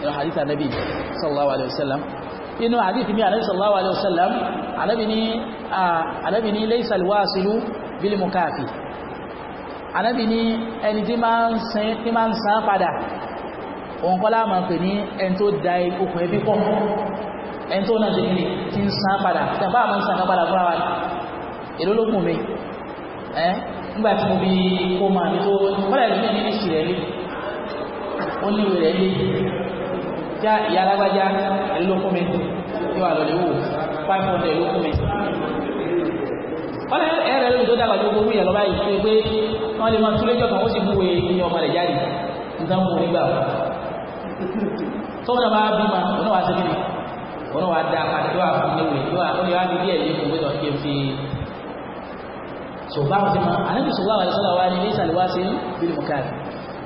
inú hadith anabi sallallahu alaihi wasallam inú hadith mi anabi sallallahu alaihi wasallam anabi ni anabi ni laysa alwasilu bil mukafi anabi ni ẹni tí máa ń san tí máa ń san padà òun kọ́ láàmà pè ní ẹni tó da okùn ẹbí pọ̀ ẹni tó náà jẹ́kìlì tí ń san padà tàbá àmọ́ ń san padà fúnra wa èló mi ẹ́ nígbà tí mo bí kó máa ní tó wọ́n rẹ̀ já ìyá alágbájá ẹlẹ́lókún mi yóò wà lọ́lẹ́wò five hundred lókún mi. wọ́n lẹ́yìn ẹ̀rẹ́ lórí tó dàgbà tó gbogbo ìyàlọ́ báyìí tó pé wọ́n lè máa túlẹ́jọ́ kan ó sì búwe iye ọmọ rẹ̀ jáde nǹkan mú nígbà wọn. tọ́wọ́n náà bá bí ma òun náà wá sí kíni òun náà wá dá àdó àfúnilé yóò àwọn ìyá bíbí ẹ̀ yé gbogbo ìtàn kí n fi sọ̀bá àwọn ti máa àlejò sọ̀bá àwọn ìṣọ́lá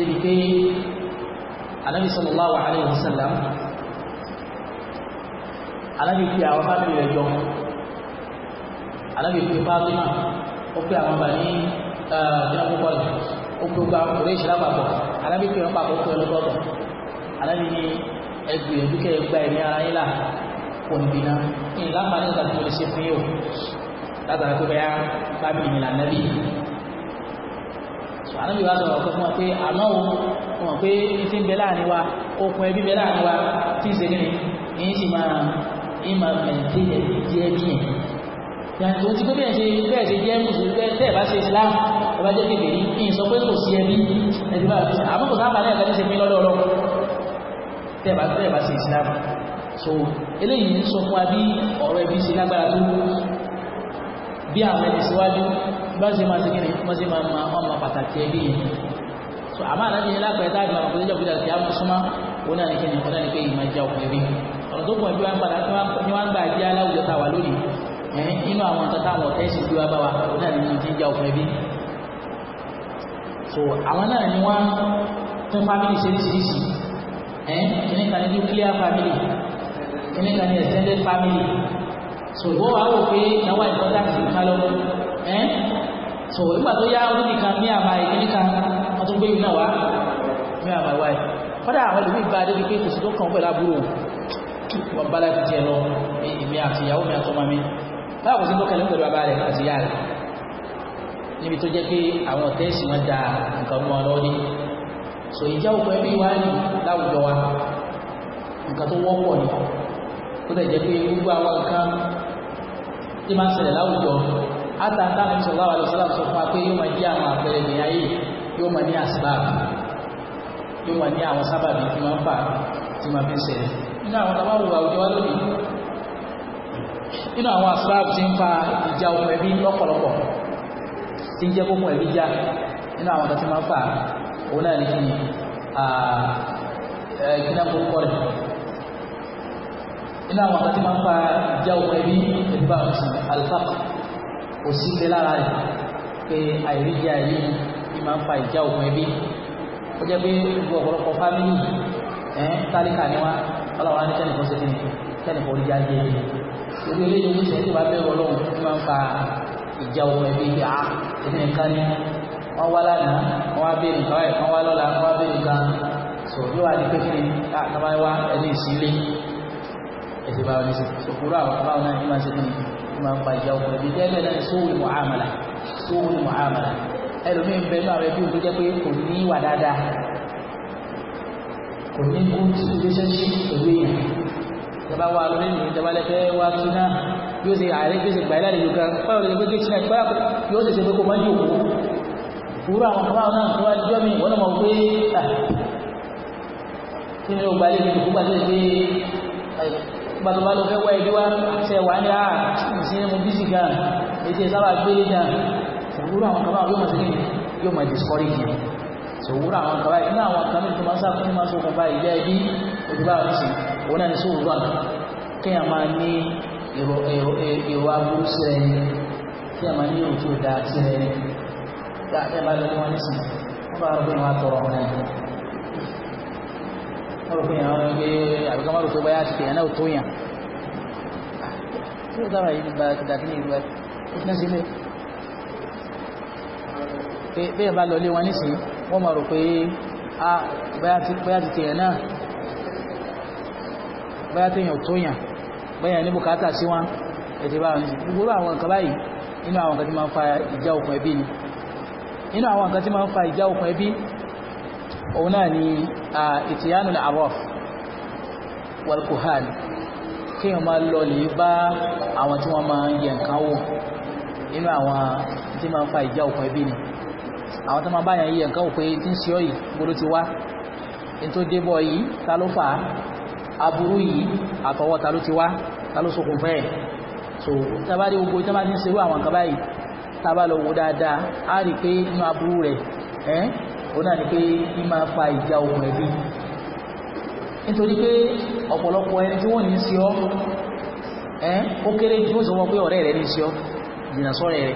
débi pé anabi sallallahu alayhi wa sallam anabi fi àwọn fábìlì rẹ̀ jọ anabi fi Fatima ó fi àwọn bàní ẹ̀ẹ́dínlẹ́kùn kọ́lù ó fi gba oríṣi lápapọ̀ anabi fi wọn papọ̀ fún ẹlẹ́gbọ́dọ̀ anabi ní ẹgbìyànjú kẹ́ ẹ gba ẹ̀mí ara yín là kò ní bìnnà ìlànà nígbà tí mo lè ṣe fún yìí o látara pé bẹ́ẹ̀ bá mi ìlànà bíi ànábì wa sọ̀rọ̀ sọ fún wa pé àmọ́ o wọn pé ní ti ń bẹ láàrin wa okùn ẹbí bẹ láàrin wa tí ń ṣe kí ni èyí sì máa ń máa mẹ̀tí ẹ̀bí jẹ́ bí yẹn. yàtọ̀ tí pé bẹ́ẹ̀ ṣe bẹ́ẹ̀ ṣe jẹ́ mùsùlùmí bẹ́ẹ̀ tẹ́ẹ̀ bá ṣe islam so eléyìí ń sọ fún wa bí ọ̀rọ̀ ẹbí ṣe lágbára bá ṣe máa ṣe kí ni wọ́n ṣe máa ma wọ́n ma pàtàkì ẹbí yìí so àmọ́ àdájọ́ yẹn lápẹ̀ẹ́ tá a gbà pé ìjọba ìdàgbà máa súnmọ́ wọn náà ní kí ni wọn náà ní pé ìmọ̀ ìjà òkú ẹbí ọ̀nà tó pọ̀ ju wọn padà ní wọn gbà jẹ́ aláwùjọ tá a wà lónìí ẹ̀ inú àwọn nǹkan táwọn ọ̀tẹ́ sì gbé wá bá wa wọn náà ní kí ìjà òkú ẹbí so àwọn náà ni wọ́n fún family ṣeríṣiríṣi ẹ̀ kíní kan ní nuclear family kíní kan ní extended family so ìwọ́ wa wò pé náwó ìfọ́tà sì ń kálọ́ ẹ̀ so nígbà tó yá ọdún nìkan ní àmà ìkíní kan wọ́n tún gbé yìí náà wá ní àmà ìwáyé kọ́dà àwọn ìlú ìgbà adé wípé kò sí tó kàn pẹ̀lú àbúrò wọn bá láti tiẹ̀ lọ èmi àti ìyàwó mi àtọmọ mi báwo kò sí tó kẹlẹ́ pẹ̀lú bàbá rẹ̀ àti ìyá rẹ̀ níbi tó jẹ́ pé àwọn tẹ́sí wọn da nǹkan mọ́ ọ lọ́wọ́ ní so ìjà òkú ẹbí wa ní láwùjọ wa nǹkan tó wọ́pọ̀ ni tó dẹ̀ jẹ́ pé gbogbo àwọn nǹkan tí máa ń ṣẹlẹ̀ láwùjọ àtàtà ní sallallahu alaihi wasallam sọ fún pé yóò máa jẹ́ àwọn àpẹẹrẹ ní ayé yóò máa ní àsìbáàbù yóò máa ní àwọn sábàbí tí máa ń fà tí máa fi ń ṣẹlẹ̀ nínú àwọn tàbáwò àwùjọ wa lónìí nínú àwọn àsìbáàbù tí ń fa ìjà ohun ẹbí lọ́pọ̀lọpọ̀ tí ń jẹ́ kókó ẹbí já nínú àwọn tó ti máa ń fà òun náà ní kí ni ìpínlẹ̀ kókó rẹ̀ nínú àwọn tó ti máa ń fa ìjà ohun ẹbí ẹbí bá àlùfáà kò sí pé lára rẹ̀ pé àìríjẹ àìrí ni máa ń fa ìjà òkun ẹbí ó jẹ́ pé gbogbo ọ̀pọ̀lọpọ̀ fámìlì ẹ̀ tálíkà ni wá ọlọ́run á ní tẹ́nìkan ṣe kíni tẹ́nìkan orí jáde ẹ̀yìn ìlú ilé ìlú ìṣẹ́ tó bá bẹ̀rù ọlọ́run tó máa ń fa ìjà òkun ẹbí pé a ah, nìkan ni wọ́n wá lánàá wọ́n wá bẹ̀rù nǹkan wáyé wọ́n wá lọ́la wọ́n wá bẹ̀rù nǹkan sọ yóò wá ní pé kí ni káàkiri wá ẹni ìsílé ẹ̀sìn bá wọn ní sí ṣòkúrò àwọn àbáwọn náà ní máa ṣe kíni máa ń ba ìjà ọkọ̀ ẹbí tẹ́lẹ̀ náà sóòwò muamala sóòwò muamala ẹlòmíín bẹ́ẹ̀ náà rẹ̀ bí òun jẹ́ pé kò ní ìwà dáadáa kò ní good relationship pẹ̀lú èèyàn ìjọba wa lórí ìjọba lẹ́fẹ́ wa tún náà yóò ṣe ààrẹ yóò ṣe gbàyìí láàrin yorùbá báwo lè gbégbé tiẹ̀ pé yóò ṣe ṣe pé kó máa ń yòókù òwúrọ̀ àwọn kan náà tó jọ́ mi wọ́n mọ̀ pé ah, kí ni ó gbalẹ̀ nígbà tó ṣe ah, gbàtọ̀ bá lọ fẹ́ wá ẹbí wá ṣe wà ní àà ah, ìṣe mú bísí gan ètò ìsára gbélé gan ṣòwúrò àwọn kan báwọn yóò máa ṣe kíni yóò máa discourage yẹn ṣòwúrò àwọn kan báyìí ní àwọn kan tó máa sáfún ní máa sọ kan báyìí ilé ẹbí ojú bá ti òun náà ní sóòrò wà kéèyàn máa ní èrò aburú sí rẹ ni kéèyàn máa ní èrò tí ó dáa sí rẹ ni dáa tẹ́ bá lọ́wọ́ nísìnyí wọ́n bá rọ́bìnrin wa tọrọ ọ̀hún náà wọ́n rò pé tí bí ẹ̀ bá lọ lé wọn nísìnyí wọ́n máa rò pé báyà tètè ndị náà báyà tètè ndị tó yàn ní sí wọn òun náà ni ìtìyánul arraf wal kuhan kí wọ́n máa lọ lè bá àwọn tí wọ́n máa ń yẹ nǹkan wò nínú àwọn tí máa ń fa ìjà òkun ẹbí ni àwọn tó máa bá yẹn yẹ nǹkan wò pé tí ń ṣe ọ́ yìí gbọ́dọ̀ ti wá nítorí débọ̀ yìí ta ló fà aburú yìí àtọwọ́ ta ló ti wá ta ló ṣokùnfẹ́ ẹ̀ so tabari gbogbo tí wọ́n ti ń ṣerú àwọn nǹkan báyìí tá lọ wò dáadáa á rí pé inú aburú rẹ̀ ẹ́ òun náà ni pé ní máa fa ìjà ogun ẹbí nítorí pé ọ̀pọ̀lọpọ̀ ẹni tí wọ́n ní sí ọ́ ẹ́ ó kéré tí ó sọ wọ́n pé ọ̀rẹ́ rẹ̀ ní sí ọ́ ìdènà sọ́rẹ̀ rẹ̀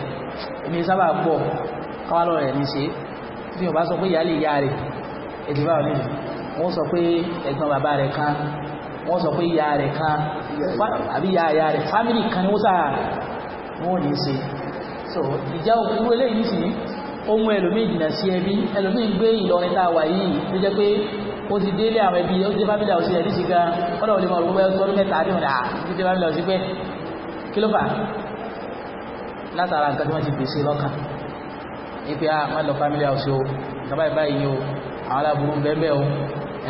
èmi sábà pọ̀ káwálọ̀ rẹ̀ ní ṣe bí wọ́n bá sọ pé ìyá lè yá rẹ̀ ẹ̀dìbà òní wọ́n sọ pé ẹ̀gbọ́n bàbá rẹ̀ kan wọ́n sọ pé ìyá rẹ̀ kan àbí ìyá ìyá rẹ̀ fámìlì kan ni wọ́n sà wọ́n ní ṣe so ìjà òkúrú eléyìí nìsín ó mú ẹlòmíì jìnnà sí ẹbí ẹlòmíì gbé Ìlọrin tá a wà yìí ló jẹ́ pé ó ti délé àwọn ẹbí ó ti dé bábílà òsì ẹ̀dí sí gan ọ̀dọ̀ òní mọ̀ rúgbẹ́ tọ́dún mẹ́ta ní ọ̀dà ó ti dé bábílà òsì pẹ́ kí ló fà látara nǹkan tí wọ́n ti pèsè lọ́kàn ipe a ah, máa lọ family house o kaba ìbáyìí ni o àwọn aláburú bẹ́ẹ̀ o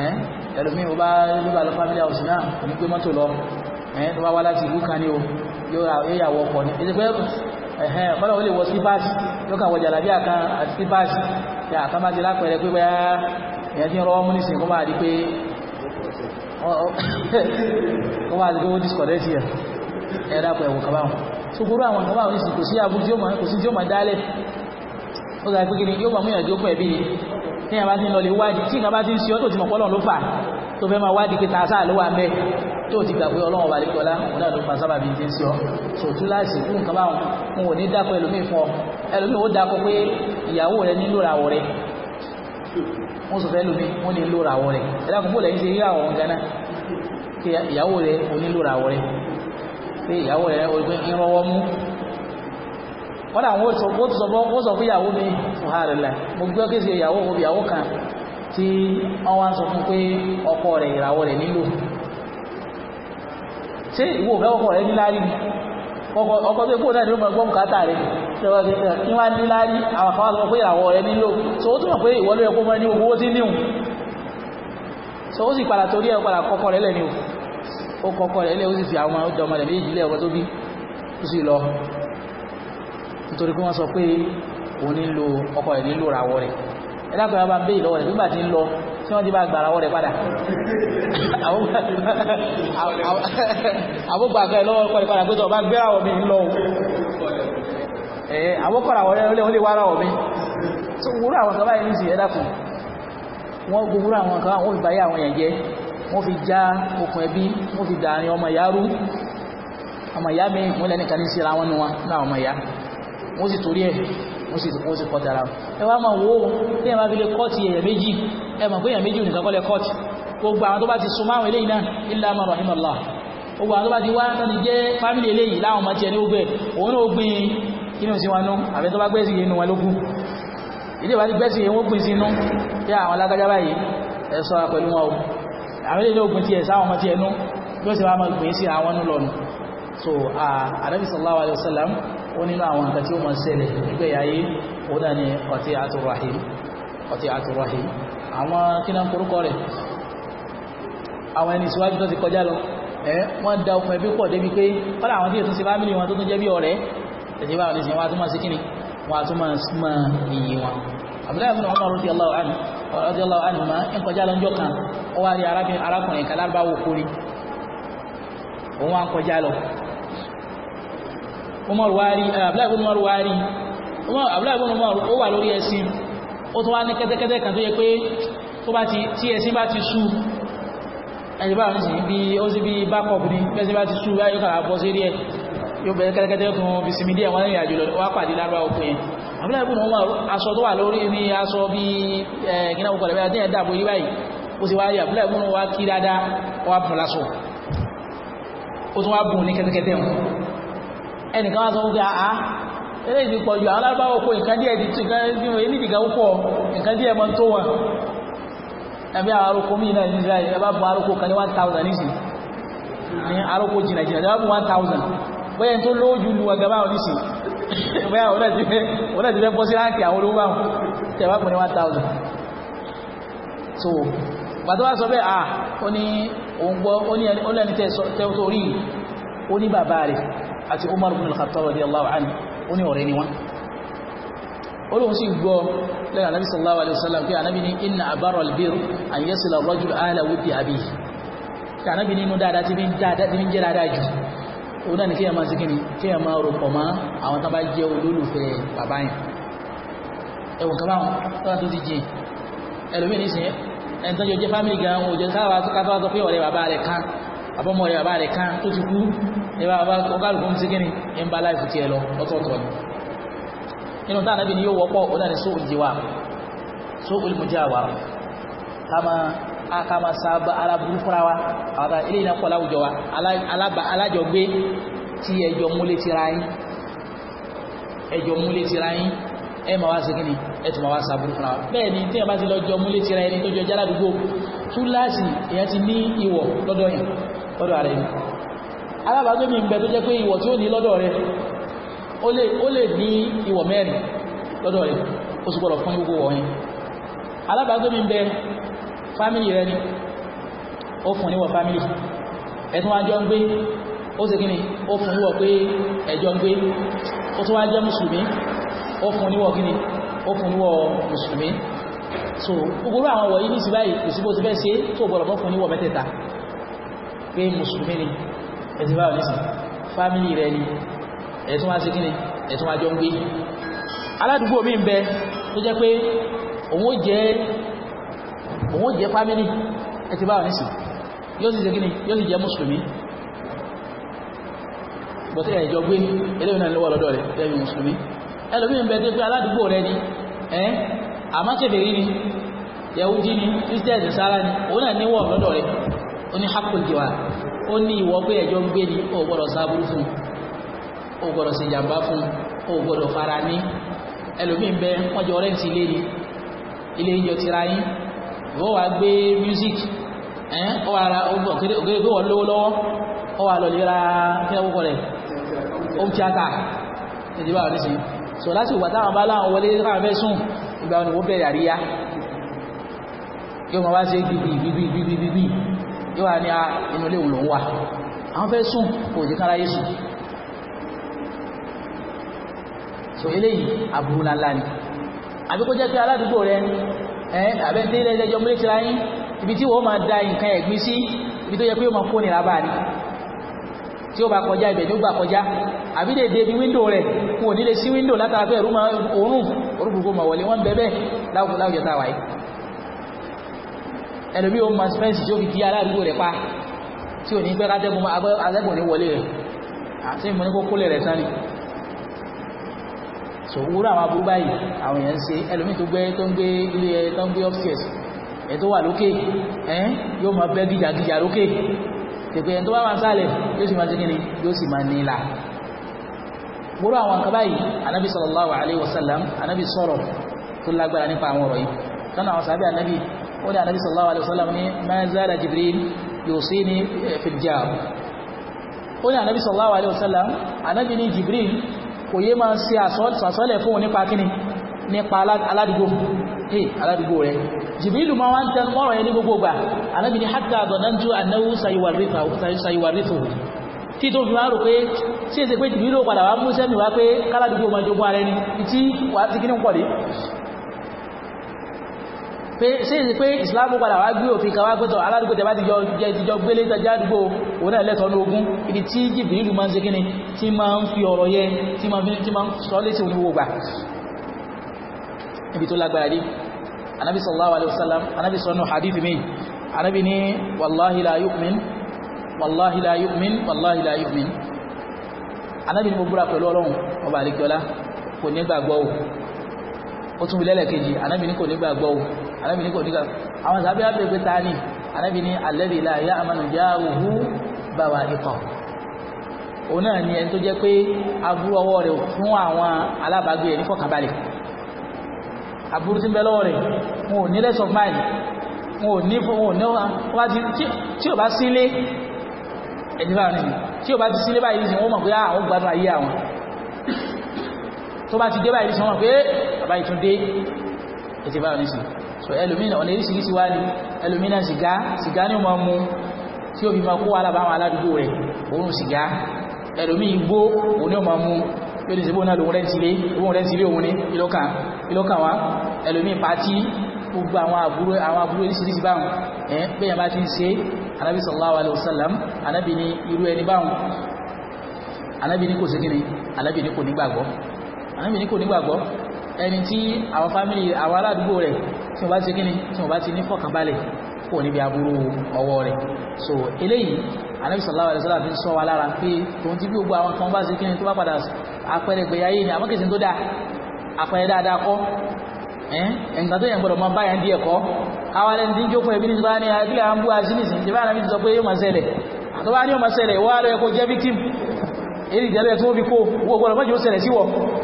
ẹ́ ẹlòmíì ó bá ló bá lọ family house náà ní pé mọ́tò lọ ẹ́ tó bá wá láti ìlú kan ní o yóò yà wọ ọkọ̀ ní ẹ̀ẹ́dẹ́gbẹ́ ẹ̀hẹ́n ọ̀pọ̀lọpọ̀ lè wọ sí báàsì yóò kàn wọ jàlábíà kan àti sípáàsì tí àkàn bá ti lápẹẹrẹ pé bóyá èèyàn ti ń rọwọ́ mú nísìnyí kó máa di pé kó máa di pé ó disconnect yẹ ẹ dápọ̀ ẹ̀wọ̀ kaba wọn ṣùgbọ́n àwọn kaba wọn nísìnyí kò sí abu tí ó mọ̀ kò sí tí ó mọ̀ dálẹ̀ ó ga pé kí ni yóò mọ̀ mú ìrìnàjò pẹ̀ bí tí ìyàn bá ti ń lọ lè wádìí tí tó ti gbàgbé ọlọ́run ọba àlekọ́lá òun náà ló fa sábà bíi ti ń sọ so túláàsì fún nǹkan báwọn wọn ò ní dákọ̀ ẹlòmíì fún ọ ẹlòmíì ó dákọ̀ pé ìyàwó rẹ ní lóra àwọ̀ rẹ wọ́n sọ fẹ́ lómi wọ́n ní lóra àwọ̀ rẹ ẹ̀dá kò bóòlẹ̀ ń ṣe ríra àwọn ganá pé ìyàwó rẹ ò ní lóra àwọ̀ rẹ pé ìyàwó rẹ ò gbé ìrọwọ́ mú wọ́n náà wọ́n sọ ṣé ìwọ òfẹ́ ọkọ rẹ níláárí ni ọkọ tó kó náà ni ó mọ gbọ́n bùkátà rẹ ṣẹwà kẹta kí wọ́n á níláárí àwọn kan wọ́n pé ìràwọ̀ rẹ nílò so ó túnmọ̀ pé ìwọ ló yẹ kó mọ ní owó tí níhùn so ó sì padà torí ẹ̀ padà kọ́kọ́ rẹ lẹ́ni o ó kọ́kọ́ rẹ lẹ́ ó sì fi àwọn ọmọ rẹ méjì lẹ́ ọkọ tó bí ó sì lọ nítorí ìràwọ̀ rẹ ẹ tí wọ́n ti bá gbàrà wọ́n rẹ̀ padà àwọ́gbà àgbà ìlọ́wọ́ pẹ̀lú padà pé tó bá gbé àwọ̀ mi lọ ẹ̀ẹ́ àwọ́kọ̀rà wọ́n lè wára wọ̀ mi tó wúrú àwọn kan báyìí nìsí ẹ̀dàkùn wọ́n gbogbo àwọn kan wọ́n fi báyé àwọn èèyàn jẹ́ wọ́n fi já okùn ẹbí wọ́n fi dàárín ọmọ ìyá rú ọmọ ìyá mi wọ́n lẹ́nìkan ní síra wọn nù wọn láwọn ọmọ ìyá wọ́n sì torí ẹ̀ wọ́n sì wọ́n sì kọ́tara ẹ wá máa wo bí ẹ máa fi lè kọ́ọ̀tì èèyàn méjì ẹ mọ̀ pé èèyàn méjì nìkan kọ́lẹ̀ kọ́ọ̀tì gbogbo àwọn tó bá ti sun máwọn eléyìí náà illa man rahimallah gbogbo àwọn tó bá ti wá tọ́ni jẹ́ fámìlì eléyìí láwọn máa tiẹ̀ ní gbogbo ẹ̀ òun náà gbin inú sí wọn nú àbẹ tó bá gbẹ́sì inú wọn lókù ìdí ìbá ti gbẹ́sì wọn gbin sí inú bí àwọn alágájá báyìí ẹ pẹ̀lú wọn o àwọn eléyìí náà gbin tiẹ̀ sáwọn ọmọ tiẹ̀ nú bí wọ́n sì sí àwọn nú lọ́nu so àdàbí sallallahu alayhi ó nínú àwọn nǹkan tí ó máa ṣẹlẹ̀ nígbẹ̀ yáyé ó dá ní ọ̀tí àtúrọ̀hìm ọ̀tí àtúrọ̀hìm àwọn kíná korúkọ rẹ̀ àwọn ẹni síwájú tó ti kọjá lọ ẹ́ wọ́n da okùn ẹbí pọ̀ débi pé kọ́lá àwọn tí ètò sí fámìlì wọn tó tún jẹ́ bí ọ̀rẹ́ ẹ̀jẹ̀ bá wọn lè sìn wọn àtúmọ̀ sí kíni wọn àtúmọ̀ mọ Umar wari eh, Abdullahi ibn Umar wari Abdullahi ibn Umar ó wà lórí ẹṣin ó tó wá ní kẹ́tẹ́kẹ́tẹ́ kan tó yẹ pé tó bá ti tí ẹṣin bá ti sú ẹjọba ń sìn bí ó sì bí backup ní pẹ́sìn bá ti sú báyìí kàrà bọ́ sí rí ẹ yóò bẹ̀rẹ̀ kẹ́tẹ́kẹ́tẹ́ fún bisimi díẹ̀ wọ́n rìn àjò wá pàdé lára òkú yẹn Abdullahi ibn Umar aṣọ tó wà lórí ní aṣọ bí gíná eh, gbogbo ẹ̀bẹ̀ àti ẹ̀dá àbòyí báyìí ó sì wá rí Abdullahi ibn kí dáadáa wá ẹnìkan wá sọ wípé àá eré ìdí pọ̀ jù àwọn alábáwọ̀ kó nǹkan díẹ̀ di nǹkan tí wọ́n ní ìdìgá púpọ̀ nǹkan díẹ̀ mọ́ tó wọn ẹbí one thousand nísìn ní arókó jìnnà jìnnà ẹ one thousand bóyá tó lówó ju lu ọgá báwọn nísìn bóyá òun náà ti fẹ́ bọ́ one thousand so gbàtọ́ wá sọ bẹ́ẹ̀ à ó ní òun gbọ́ ó ní ẹni tẹ́ tó rí ó ní bàbá rẹ̀ àti Umar ibn al-Khattab radiyallahu anhu ó ní ọ̀rẹ́ ni wọ́n olóhun sì gbọ́ lẹ́yìn anábì sallallahu alayhi wa sallam pé anábì ní inna abarra al-birr an yasila ar-rajul ahla wuddi abihi kí anábì nínú dáadáa ti fi ń jẹ́ dáadáa jù òun náà ni kí ẹ máa síkí kí ẹ máa rọpọ̀ mọ́ àwọn tó jẹ́ olólùfẹ́ bàbá yẹn ẹ̀wọ̀n kan báwọn tọ́lá tó ti jìn ẹlòmíì ní sìn ẹni tọ́jú ọjọ́ fámìlì gan òjò káwá tó pé ìbá ọkàlùkù ń síkíní ń bá láìfù tiẹ̀ lọ ọ̀tọ̀ọ̀tọ̀ ni nínú táà nábì ni yóò wọ́pọ̀ ó náà ní sóò ìjìwà sóò ìmùjáwà ká máa sábà aláburú wa àwọn ilé iná pọ̀ láwùjọ wa alájọgbé tí ẹjọ́ múlé ti ra yín ẹjọ́ múlé ti ra yín ẹ máa wá síkíní ẹ tún máa wá sábúrú fúnra wa bẹ́ẹ̀ ni tí ẹ alábàájọ́ mi ń bẹ tó jẹ́ pé ìwọ̀ tí ó ní lọ́dọ̀ rẹ̀ ó lè ní ìwọ̀ mẹ́rin lọ́dọ̀ rẹ̀ ó sì gbọ́dọ̀ fún gbogbo wọ̀nyẹn alábàájọ́ mi ń bẹ fámìlì ni ó fún níwọ̀ fámìlì ẹ̀tún wá jọ ń gbé ó sì kíni ó fún níwọ̀ pé ẹ̀jọ ń gbé ó tún wá jẹ́ mùsùlùmí ó fún níwọ̀ kíni ó fún níwọ̀ mùsùlùmí so gbogbo àwọn wọ̀nyí ní ìsìbáyìí kò sí bó ti fẹ́ ṣe tó gbọ́dọ̀ fún níwọ̀ ni ẹ̀sìn báwọn nísìn fámìlì rẹ ni ẹ̀tún wá sí kíni ẹ̀tún wá jọ ń gbé aládùúgbò mi ń bẹ tó jẹ́ pé òun ó jẹ́ òun ó jẹ́ fámìlì ẹ̀sìn báwọn nísìn yóò sì jẹ́ kíni yóò sì jẹ́ mùsùlùmí bọ́tẹ́ ẹ̀jọ gbé eléyìí náà lọ́wọ́ lọ́dọ̀ rẹ̀ lẹ́yìn mùsùlùmí ẹlòmí ń bẹ tó pé ni ẹ́ ni yẹwùdí ni kírísítẹ́ẹ̀sì sára ni òun lọ́dọ̀ rẹ̀ ó ní ìwọ pé ẹjọ́ ń gbé ni ó gbọ́dọ̀ fún ó sí ìjàmbá fún fara ní ni ilé ìjọ tira yín wọ́n wá gbé music ẹ̀ ó wà ra òkèdè yóò wá ní ah, inú ilé òun wà àwọn fẹ́ sùn kò jẹ́ kára yé sùn so eléyìí aburú ńláńlá ni àbí kó jẹ́ pé aládùúgbò rẹ ẹ̀ àbẹ́ tí ilé ẹjọ́ múlé tira yín ibi tí wọ́n máa da nǹkan ẹ̀gbin sí ibi tó yẹ pé ó máa kó nira bá tí ó bá kọjá ibẹ̀ ló gbà kọjá àbí lè dé ibi wíńdò rẹ̀ kò ní lè sí wíńdò látara pé òórùn òórùn burúkú máa wọlé wọ́n ń bẹ láwùjọ táwa yìí ẹlòmí o ma fẹ́ǹsì tí ó fi kí aládùúgbò rẹ̀ pa tí ò ní fẹ́ kátẹ́gùn atẹ́gùn ní wọlé rẹ̀ àti ìmọ̀ ní kókó lẹ̀ rẹ̀ sán ni so wúrọ̀ àwọn aburú báyìí àwọn èèyàn ń ṣe ẹlòmí tó gbé tó ń gbé ilé ẹ tó ń gbé upstairs ẹ tó wà lókè ẹ yóò máa bẹ́ gíjàgíjà lókè tẹ̀pẹ́ ẹ tó bá wà sálẹ̀ yóò sì máa ti kíni yóò sì máa nílà wúrọ̀ àwọn nǹkan báyìí anábì sallallahu alaihi wasallam anábì sọ̀rọ̀ tó lágbára nípa àwọn ọ̀rọ̀ yìí tọ́nà àwọn sàbẹ̀ anábì ó ní ànábì sallallahu alaihi wasallam ní máa zára jibril yóò sí ní fìjáàm ó ní ànábì sallallahu alaihi wasallam ànábì ní jibril kò yé máa ṣe àsọ́lẹ̀ fún nípa kíni nípa aládùúgbò hey aládùúgbò rẹ̀ jibril máa wá ń tẹ mọ́rọ̀ yẹn ní gbogbo gbà ànábì ní hatta dọ̀nàjú annahu tí tó fi pé ṣe ìsìn pé ìsìláàmù padà wá gbé òfin kan wá pẹ́tọ̀ aládùgbò tẹ́bá ti jọ gbélé tàjá àdúgbò òun náà lẹ́tọ̀ọ́ ní ogún ibi tí jìbìrìlù máa ń ṣe kíni tí máa ń fi ọ̀rọ̀ yẹ tí máa ń sọ létí òun gbogbo ó tún bilẹ̀ lẹ́ẹ̀kejì anábì ní kò ní gbàgbọ́ o anábì ní kò ní gbàgbọ́ àwọn sábẹ́ abẹ́rẹ́ pé tani anábì ní alladhi la ya'manu jaruhu bawa'iqah òun náà ni ẹni tó jẹ́ pé aburú ọwọ́ rẹ̀ fún àwọn alábàágbé ẹ̀ ní fọkànbalẹ̀ aburú tí ń bẹ lọ́wọ́ rẹ̀ wọn ò ní less of mind wọn ò ní fún wọn ò ní wá tí ò bá sílé ẹni bá rìn tí ò bá ti sílé báyìí sí wọn mọ̀ pé àwọn ah, gbádùn ayé àwọn tó bá ti dé báyìí sí wọn mọ̀ pé bàbá yìí tún dé ètí báyọ̀ nísì so ẹlòmínà ọ̀nà eríṣiríṣi wá ní ẹlòmínà sìgá sìgá ní ọmọ mu tí òbí máa kó wà lábá àwọn aládùúgbò rẹ̀ òun sìgá ẹlòmí igbó òun ní ọmọ mu yóò ní sí bóun náà lòun rẹ́ntilé òun rẹ́ntilé òun ní ìlọ́kà wá ẹlòmí pàtí gbogbo àwọn àbúrò àwọn àbúrò eríṣiríṣi báwọn ẹ̀ bẹ́yàn bá ti ń ṣe anábì sallallahu alaihi wasallam anábì ní irú ẹni báwọn anábì ní kò sí kíni anábì ní kò nígbàgbọ́ anábì ní kò nígbàgbọ́ ẹni tí àwọn fámìlì àwọn aládùúgbò rẹ̀ tí wọ́n bá ti kíni tí wọ́n bá ti ní fọkànbalẹ̀ kò níbi aburú ọwọ́ rẹ̀ so eléyìí anabi sallallahu alayhi wa sallam fi sọ wa lára pé tòun ti bí gbogbo ni àmọ́ kìsìn tó dáa apẹ̀rẹ̀ dáadáa kọ́ nǹkan tó yẹn gbọdọ̀ máa báyà díẹ̀ kọ́ awalẹ̀ ní jókòó ẹbí ní ti bá ní abílẹ̀ ah, à ń bú sọ victim èyí ìjẹ́lẹ̀ tó fi kó owó gbọdọ̀ mọ́jọ́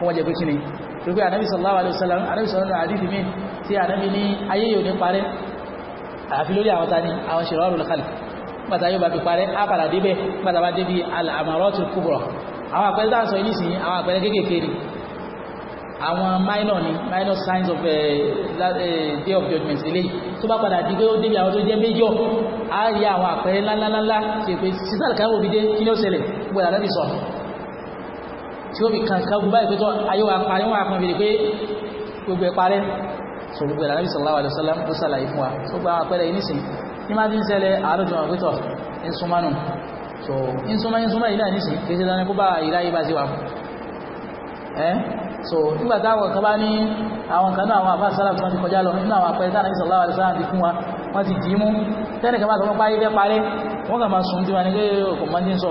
fún wọ́n jẹ́ pé kí ni rúgbé anábì sallallahu alaihi wasallam anábì sallallahu alaihi àdífì mi tí anábì ní ayé yóò ní parẹ́ àfi lórí àwọn tani àwọn ṣìrọ́rù lọ́kàlì gbàtà yóò bá fi parẹ́ ápàdà débẹ̀ gbàtà bá débi al-amaratul kubra àwọn àpẹẹrẹ dáhùn sọ yìí nìsín àwọn àpẹẹrẹ kéékèèké ni àwọn minor ni minor signs of uh, eh, that, uh, eh, day of judgment eléyìí tó bá padà di pé ó débi àwọn tó jẹ́ major á rí àwọn àpẹẹrẹ ńláńláńlá ṣe pé sísàlùkà wo bi dé kí ni ó ṣẹlẹ̀ gbọ́dọ̀ àdábì sọ̀rọ̀ tí ó fi kankan gùn báyìí pẹ́tọ́ ayé wa parí wọn àpọn ìbèrè pé gbogbo ẹ̀ parẹ́ so gbogbo ẹ̀rọ alábìsọ̀ láwà lọ sọ́lá ó sàlàyé fún wa tó gba àwọn àpẹẹrẹ yìí nísìn ní máa fi ń ṣẹlẹ̀ àárọ̀ jọmọ̀ pẹ́tọ̀ ń súnmọ́ nù so ń súnmọ́ ń súnmọ́ yìí náà nísìn kì í ṣe dáná kó bá ìlà yìí bá sí wa àwọn àbá sálà tó ti kọjá lọ nínú àwọn àpẹẹrẹ tánàbí sallallahu alaihi wasallam ti fún wa wọ́n ti dìímú tẹ́nìkan bá sọ páyé fẹ́ parẹ́ wọ́n kà máa sùn tí wọ́n ní pé kò mọ́ ní sọ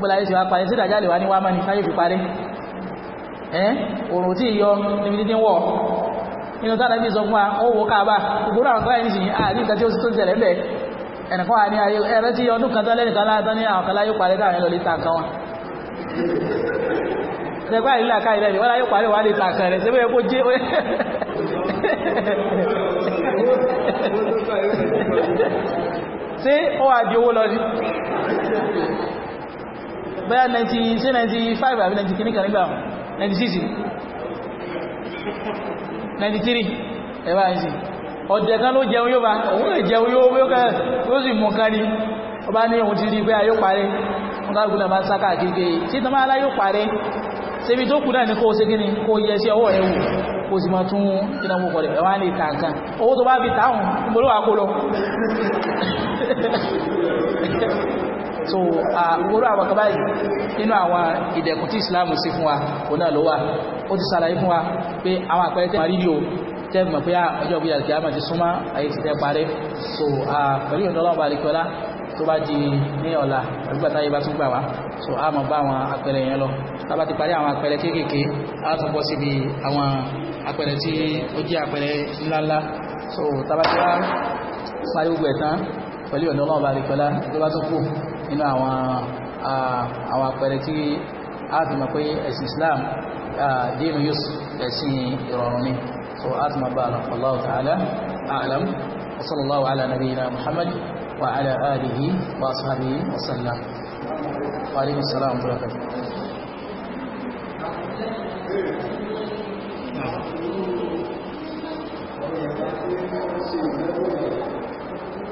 bọ́lá yìí ti wá parí sí dàjálì wá ní wá mọ́ni káyé fi parí ẹ́ òrùn tí yọ níbi títí wọ̀ inú tàbí bí sọ fún wa ó wò káàbà ìgbóró àwọn káyé nìsín àbí nǹkan tí ó ti tó ti tẹ̀lé bẹ́ẹ̀ ẹnìkan wà ní ayé ẹ̀rẹ́ tí ọdún kan tẹ́lẹ̀ nìkan láàtọ́ ní àwọn kaláyé parí káàrin lọ lè ta nǹkan wọn ṣẹgbà ìlú àkáyé lẹ́yìn wọ́n láyé parí wà owó lọ bẹ́yà 1995 àbí 90 kìníkà nígbà 96 93 ẹ̀bá ẹ̀sì ọ̀dẹ̀ kan ló jẹun yóò bá òun lè jẹun yóò sì mú kan ní ọba ní ohun ti rí pé ayó parẹ́ wọn ká gúnlẹ̀ máa ń sáká àkíkẹ́ tí tán máa láyó parẹ́ ṣebí tó kù náà ní kó o ṣe kí ni kó o yẹ sí ọwọ́ ẹ̀wù kó o sì máa tún ìdánwò kọlẹ̀ ẹ̀wà lè ta nǹkan owó tó bá fi táwọn ìgbòlówà kó lọ so àgbóró àwọn kaba yìí nínú àwọn ìdẹ̀kùn tí islam sí fún wa kò náà ló wà ó ti sàlàyé fún wa pé àwọn àpẹẹrẹ tẹ́ parí o tẹ́ pé ah, ọjọ́ ìgbéyà kí a máa ti súnmọ́ ayé ti tẹ́ parí so pẹ̀lú ìrìnlọ́wọ́ bá àríkọ́lá tó bá di bá so a mọ̀ bá àwọn àpẹẹrẹ yẹn lọ tàbá ti parí àwọn àpẹẹrẹ kéékèèké a so tàbá ti wá parí gbogbo ẹ̀ tán pẹ̀lú tó bá nínú àwọn àwọn àpẹẹrẹ tí a fi mọ̀ pé ẹ̀sìn Islam dínú yóò ẹ̀sìn ìrọ̀rùn ni so a ti mọ̀ bá lọ ta'ala a'lam wa sallallahu ala nabiyyina Muhammad wa ala alihi wa ashabihi wa sallam salam Thank you.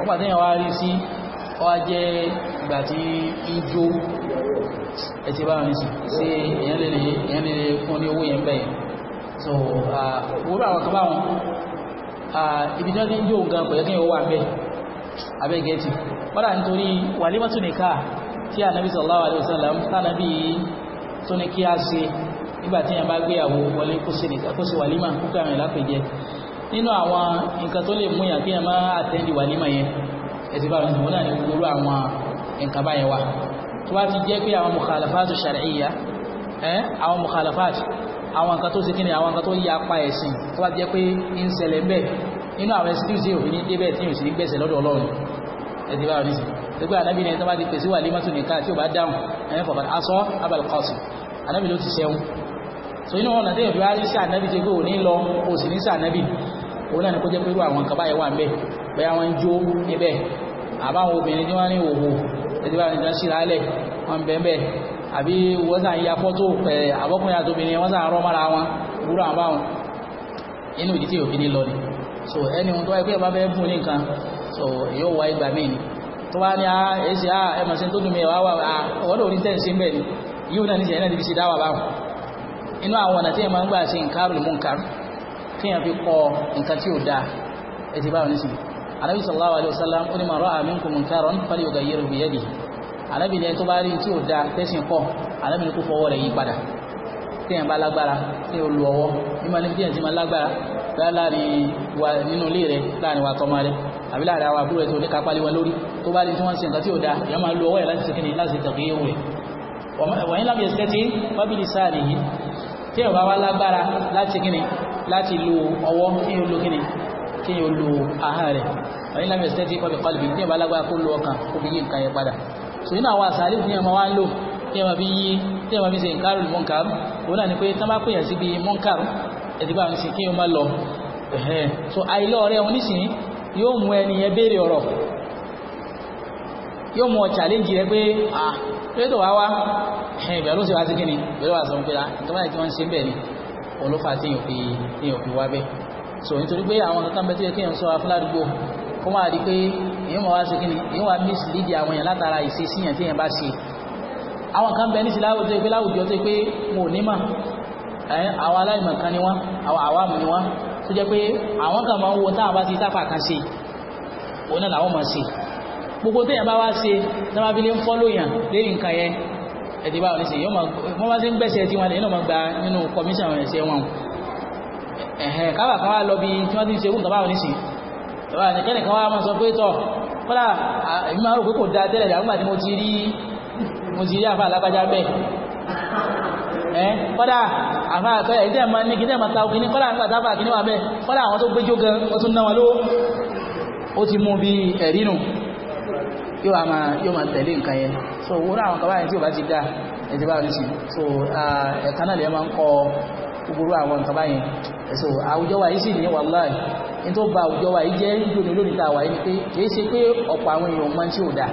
ọgbà tí wọ́n rí sí ọwá jẹ́ ìgbà tí ijó ẹ̀tì bá rí sí sí èyàn lè fún ní owó yẹn bẹ́ẹ̀ so wúrọ̀ àwọn kan báwọn ibi tí wọ́n ti ń jó nǹkan pẹ̀lú kí wọ́n wà bẹ́ẹ̀ abẹ́gẹ́tì wọ́n dà alaihi wasallam tánàbí tó ní kí á ṣe nígbà tí yẹn bá gbéyàwó nínú àwọn nǹkan tó lè mú yàn kí yàn máa àtẹ́ndì wà nímọ̀ yẹn ẹ̀sìn báwọn ìṣòwò náà ní gbogbo àwọn nǹkan báyẹn wà tó bá ti jẹ́ pé àwọn mukhalafatu shar'iyya àwọn mukhalafat àwọn nǹkan tó ṣe kí ni àwọn nǹkan tó yí apá ẹ̀sìn tó bá ti jẹ́ pé ń ṣẹlẹ̀ ń bẹ̀ nínú àwọn ẹ̀sìn tí ò sí òfin ní débẹ̀ tí ò sì ní gbẹ̀sẹ̀ lọ́dọ̀ Ọlọ́run tí ó so inú ọ̀nà tí èèyàn fi wá rí sí anabi tí kò ní lọ kò ní sí anabi òun náà ni kó jẹ́ pé irú àwọn nǹkan báyìí wà ń bẹ̀ bóyá wọ́n ń jó níbẹ̀ àbáwọn obìnrin tí wọ́n ní òwò ẹ̀dí bá nìkan sí lálẹ̀ wọ́n ń àbí wọ́n sàn fọ́tò pẹ̀ àbọ́kùnrin àti obìnrin wọ́n sàn rọ́ mọ́ra wọn gbúrò àbáwọn so ẹni wọn tó wáyé pé ẹ so èyí ò wá ìgbà míì ni tó wá ní èsì á ẹmọ̀ sí tó dùn mí wá wà ọ̀dọ̀ orí tẹ̀ kíyàn fi kọ nǹkan tí ó dáa ẹ̀tì báwọn nísìn anábì sallallahu alaihi wasallam ó ní man ra'a minkum munkaran falyughayyirhu biyadihi anábì ní tó bá rí tí ó dáa tẹ́sìn kọ anábì ní kó fọwọ́ rẹ̀ yí padà kíyàn bá lágbára tí ó lu ọwọ́ nígbà ní kíyàn ti máa lágbára láàrin wa nínú ilé rẹ̀ láàrin wa tọ́mọ rẹ̀ àbí láàrin àwọn àbúrò ẹ̀ tó lé kápá tí wọ́n wá lágbára láti kíni láti lo ọwọ́ kí o lo kí ni kí o lo àhá rẹ̀ wọ́n ní lámì ẹ̀sẹ̀ tí kọ́bí ní ọba alágbára kó lo ọkàn kó fi yí nǹkan yẹn padà so nínú àwọn àṣà àlejò ní ọmọ wa ń lò tí ẹ máa fi yí tí ẹ máa fi ṣe nǹkan rò ń sin so àìlọ́ rẹ̀ wọn nísìnyí yóò mú ẹni yẹn béèrè ọ̀rọ̀ yóò mú ọ challenge rẹ pé ah ni ìbẹ̀rù wà sọ pé ah nǹkan báyìí tí ni olófà tí èèyàn fi wá bẹ́ẹ̀ so nítorí pé àwọn kankan bẹ́ẹ̀ tó yẹ kéèyàn ṣọ́ra fún ládùúgbò kó máa di pé èèyàn máa wá sí kíni èèyàn wá miss lídìí àwọn èèyàn látara ìṣesí yẹn tí èèyàn bá ṣe àwọn kan bẹ́ẹ̀ níṣẹ́ láwùjọ pé láwùjọ tó pé wọn ò ní mà àwọn aláìmọ̀ kan ni wọ́n àwọn àwàmù ni wọ́n tó jẹ́ pé àwọn kan máa ń wo táwọn bá ti sáfà kan ṣe òun náà làwọn máa ṣe gbogbo téèyàn bá wá ṣe náà wá fi lé ń fọ́lóyàn lẹ́yìn nǹkan yẹn ẹ̀dí báwọn ní sí yóò máa wọ́n bá ti ń gbẹ̀sẹ̀ tí wọ́n lè náà máa gba nínú commission ẹ̀sẹ̀ wọn ẹ̀hẹ̀ káwà kan wá lọ bí tí wọ́n ti ń ṣe ogun báwọn ní sí tọ́wà ní kẹ́nì kan wá máa sọ pé tọ́ kọ́lá èmi máa rò pé kò dáa tẹ́lẹ̀ dàgbà tí mo ti rí mo ti rí àfa alágbájá bẹ́ẹ̀ ẹ̀ kọ́lá àfa àtọ́ ẹ̀ tẹ́ máa ní kí tẹ́ máa ta òkìní kọ́lá àgbà tábà kìíní wọn lówó yóò wá máa yóò máa tẹ̀lé nǹkan yẹn so wúrà àwọn kaba yẹn tí ò bá ti dá ẹ̀jẹ̀ bá rí sí so ẹ̀ka náà lè máa ń kọ gbogbo àwọn nǹkan báyẹn so àwùjọ wa yìí sì ní wàláì ní tó ba àwùjọ wa yìí jẹ́ lónìí lónìí tá a wà yìí ni pé kì í ṣe pé ọ̀pọ̀ àwọn èèyàn máa ń tí ò dáa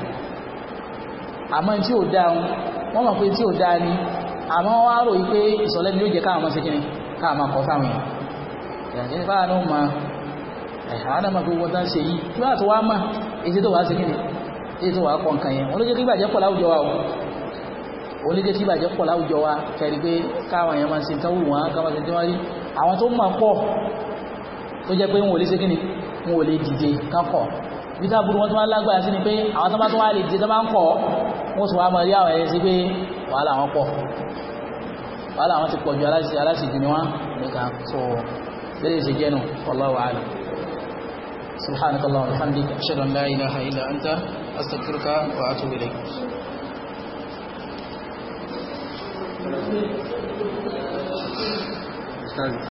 àmọ́ tí ò dáa wọ́n mọ̀ pé tí ò dáa ni àmọ́ wọ́n á rò yìí pé ìsọ̀lẹ́ ni yóò jẹ́ káwọn ọmọ ṣe kíni káwọn máa kọ́ sáwọn èèyàn ìyàtí yìí tí wọ́n àti wọ́n mọ̀ èyí tó wàá ṣe kíni tí tó wà kọ́ nǹkan yẹn wọn ló jẹ́ kí ìbàjẹ́ pọ̀ láwùjọ wa o wọn ló jẹ́ kí ìbàjẹ́ pọ̀ láwùjọ wa kẹrì pé káwọn èèyàn máa ń ṣe nǹkan wù wọn káwọn ṣe tí wọ́n rí àwọn tó mọ̀ pọ̀ tó jẹ́ pé wọn ò lè ṣe kí ni wọn lè dìde kankọ̀ bí wọn tó máa lágbára sí ni pé àwọn tó máa lè dìde tó máa ń kọ̀ wọn sì wá mọ̀ rí àwọn ẹ̀yẹ sí pé أستغفرك وأتوب إليك Thank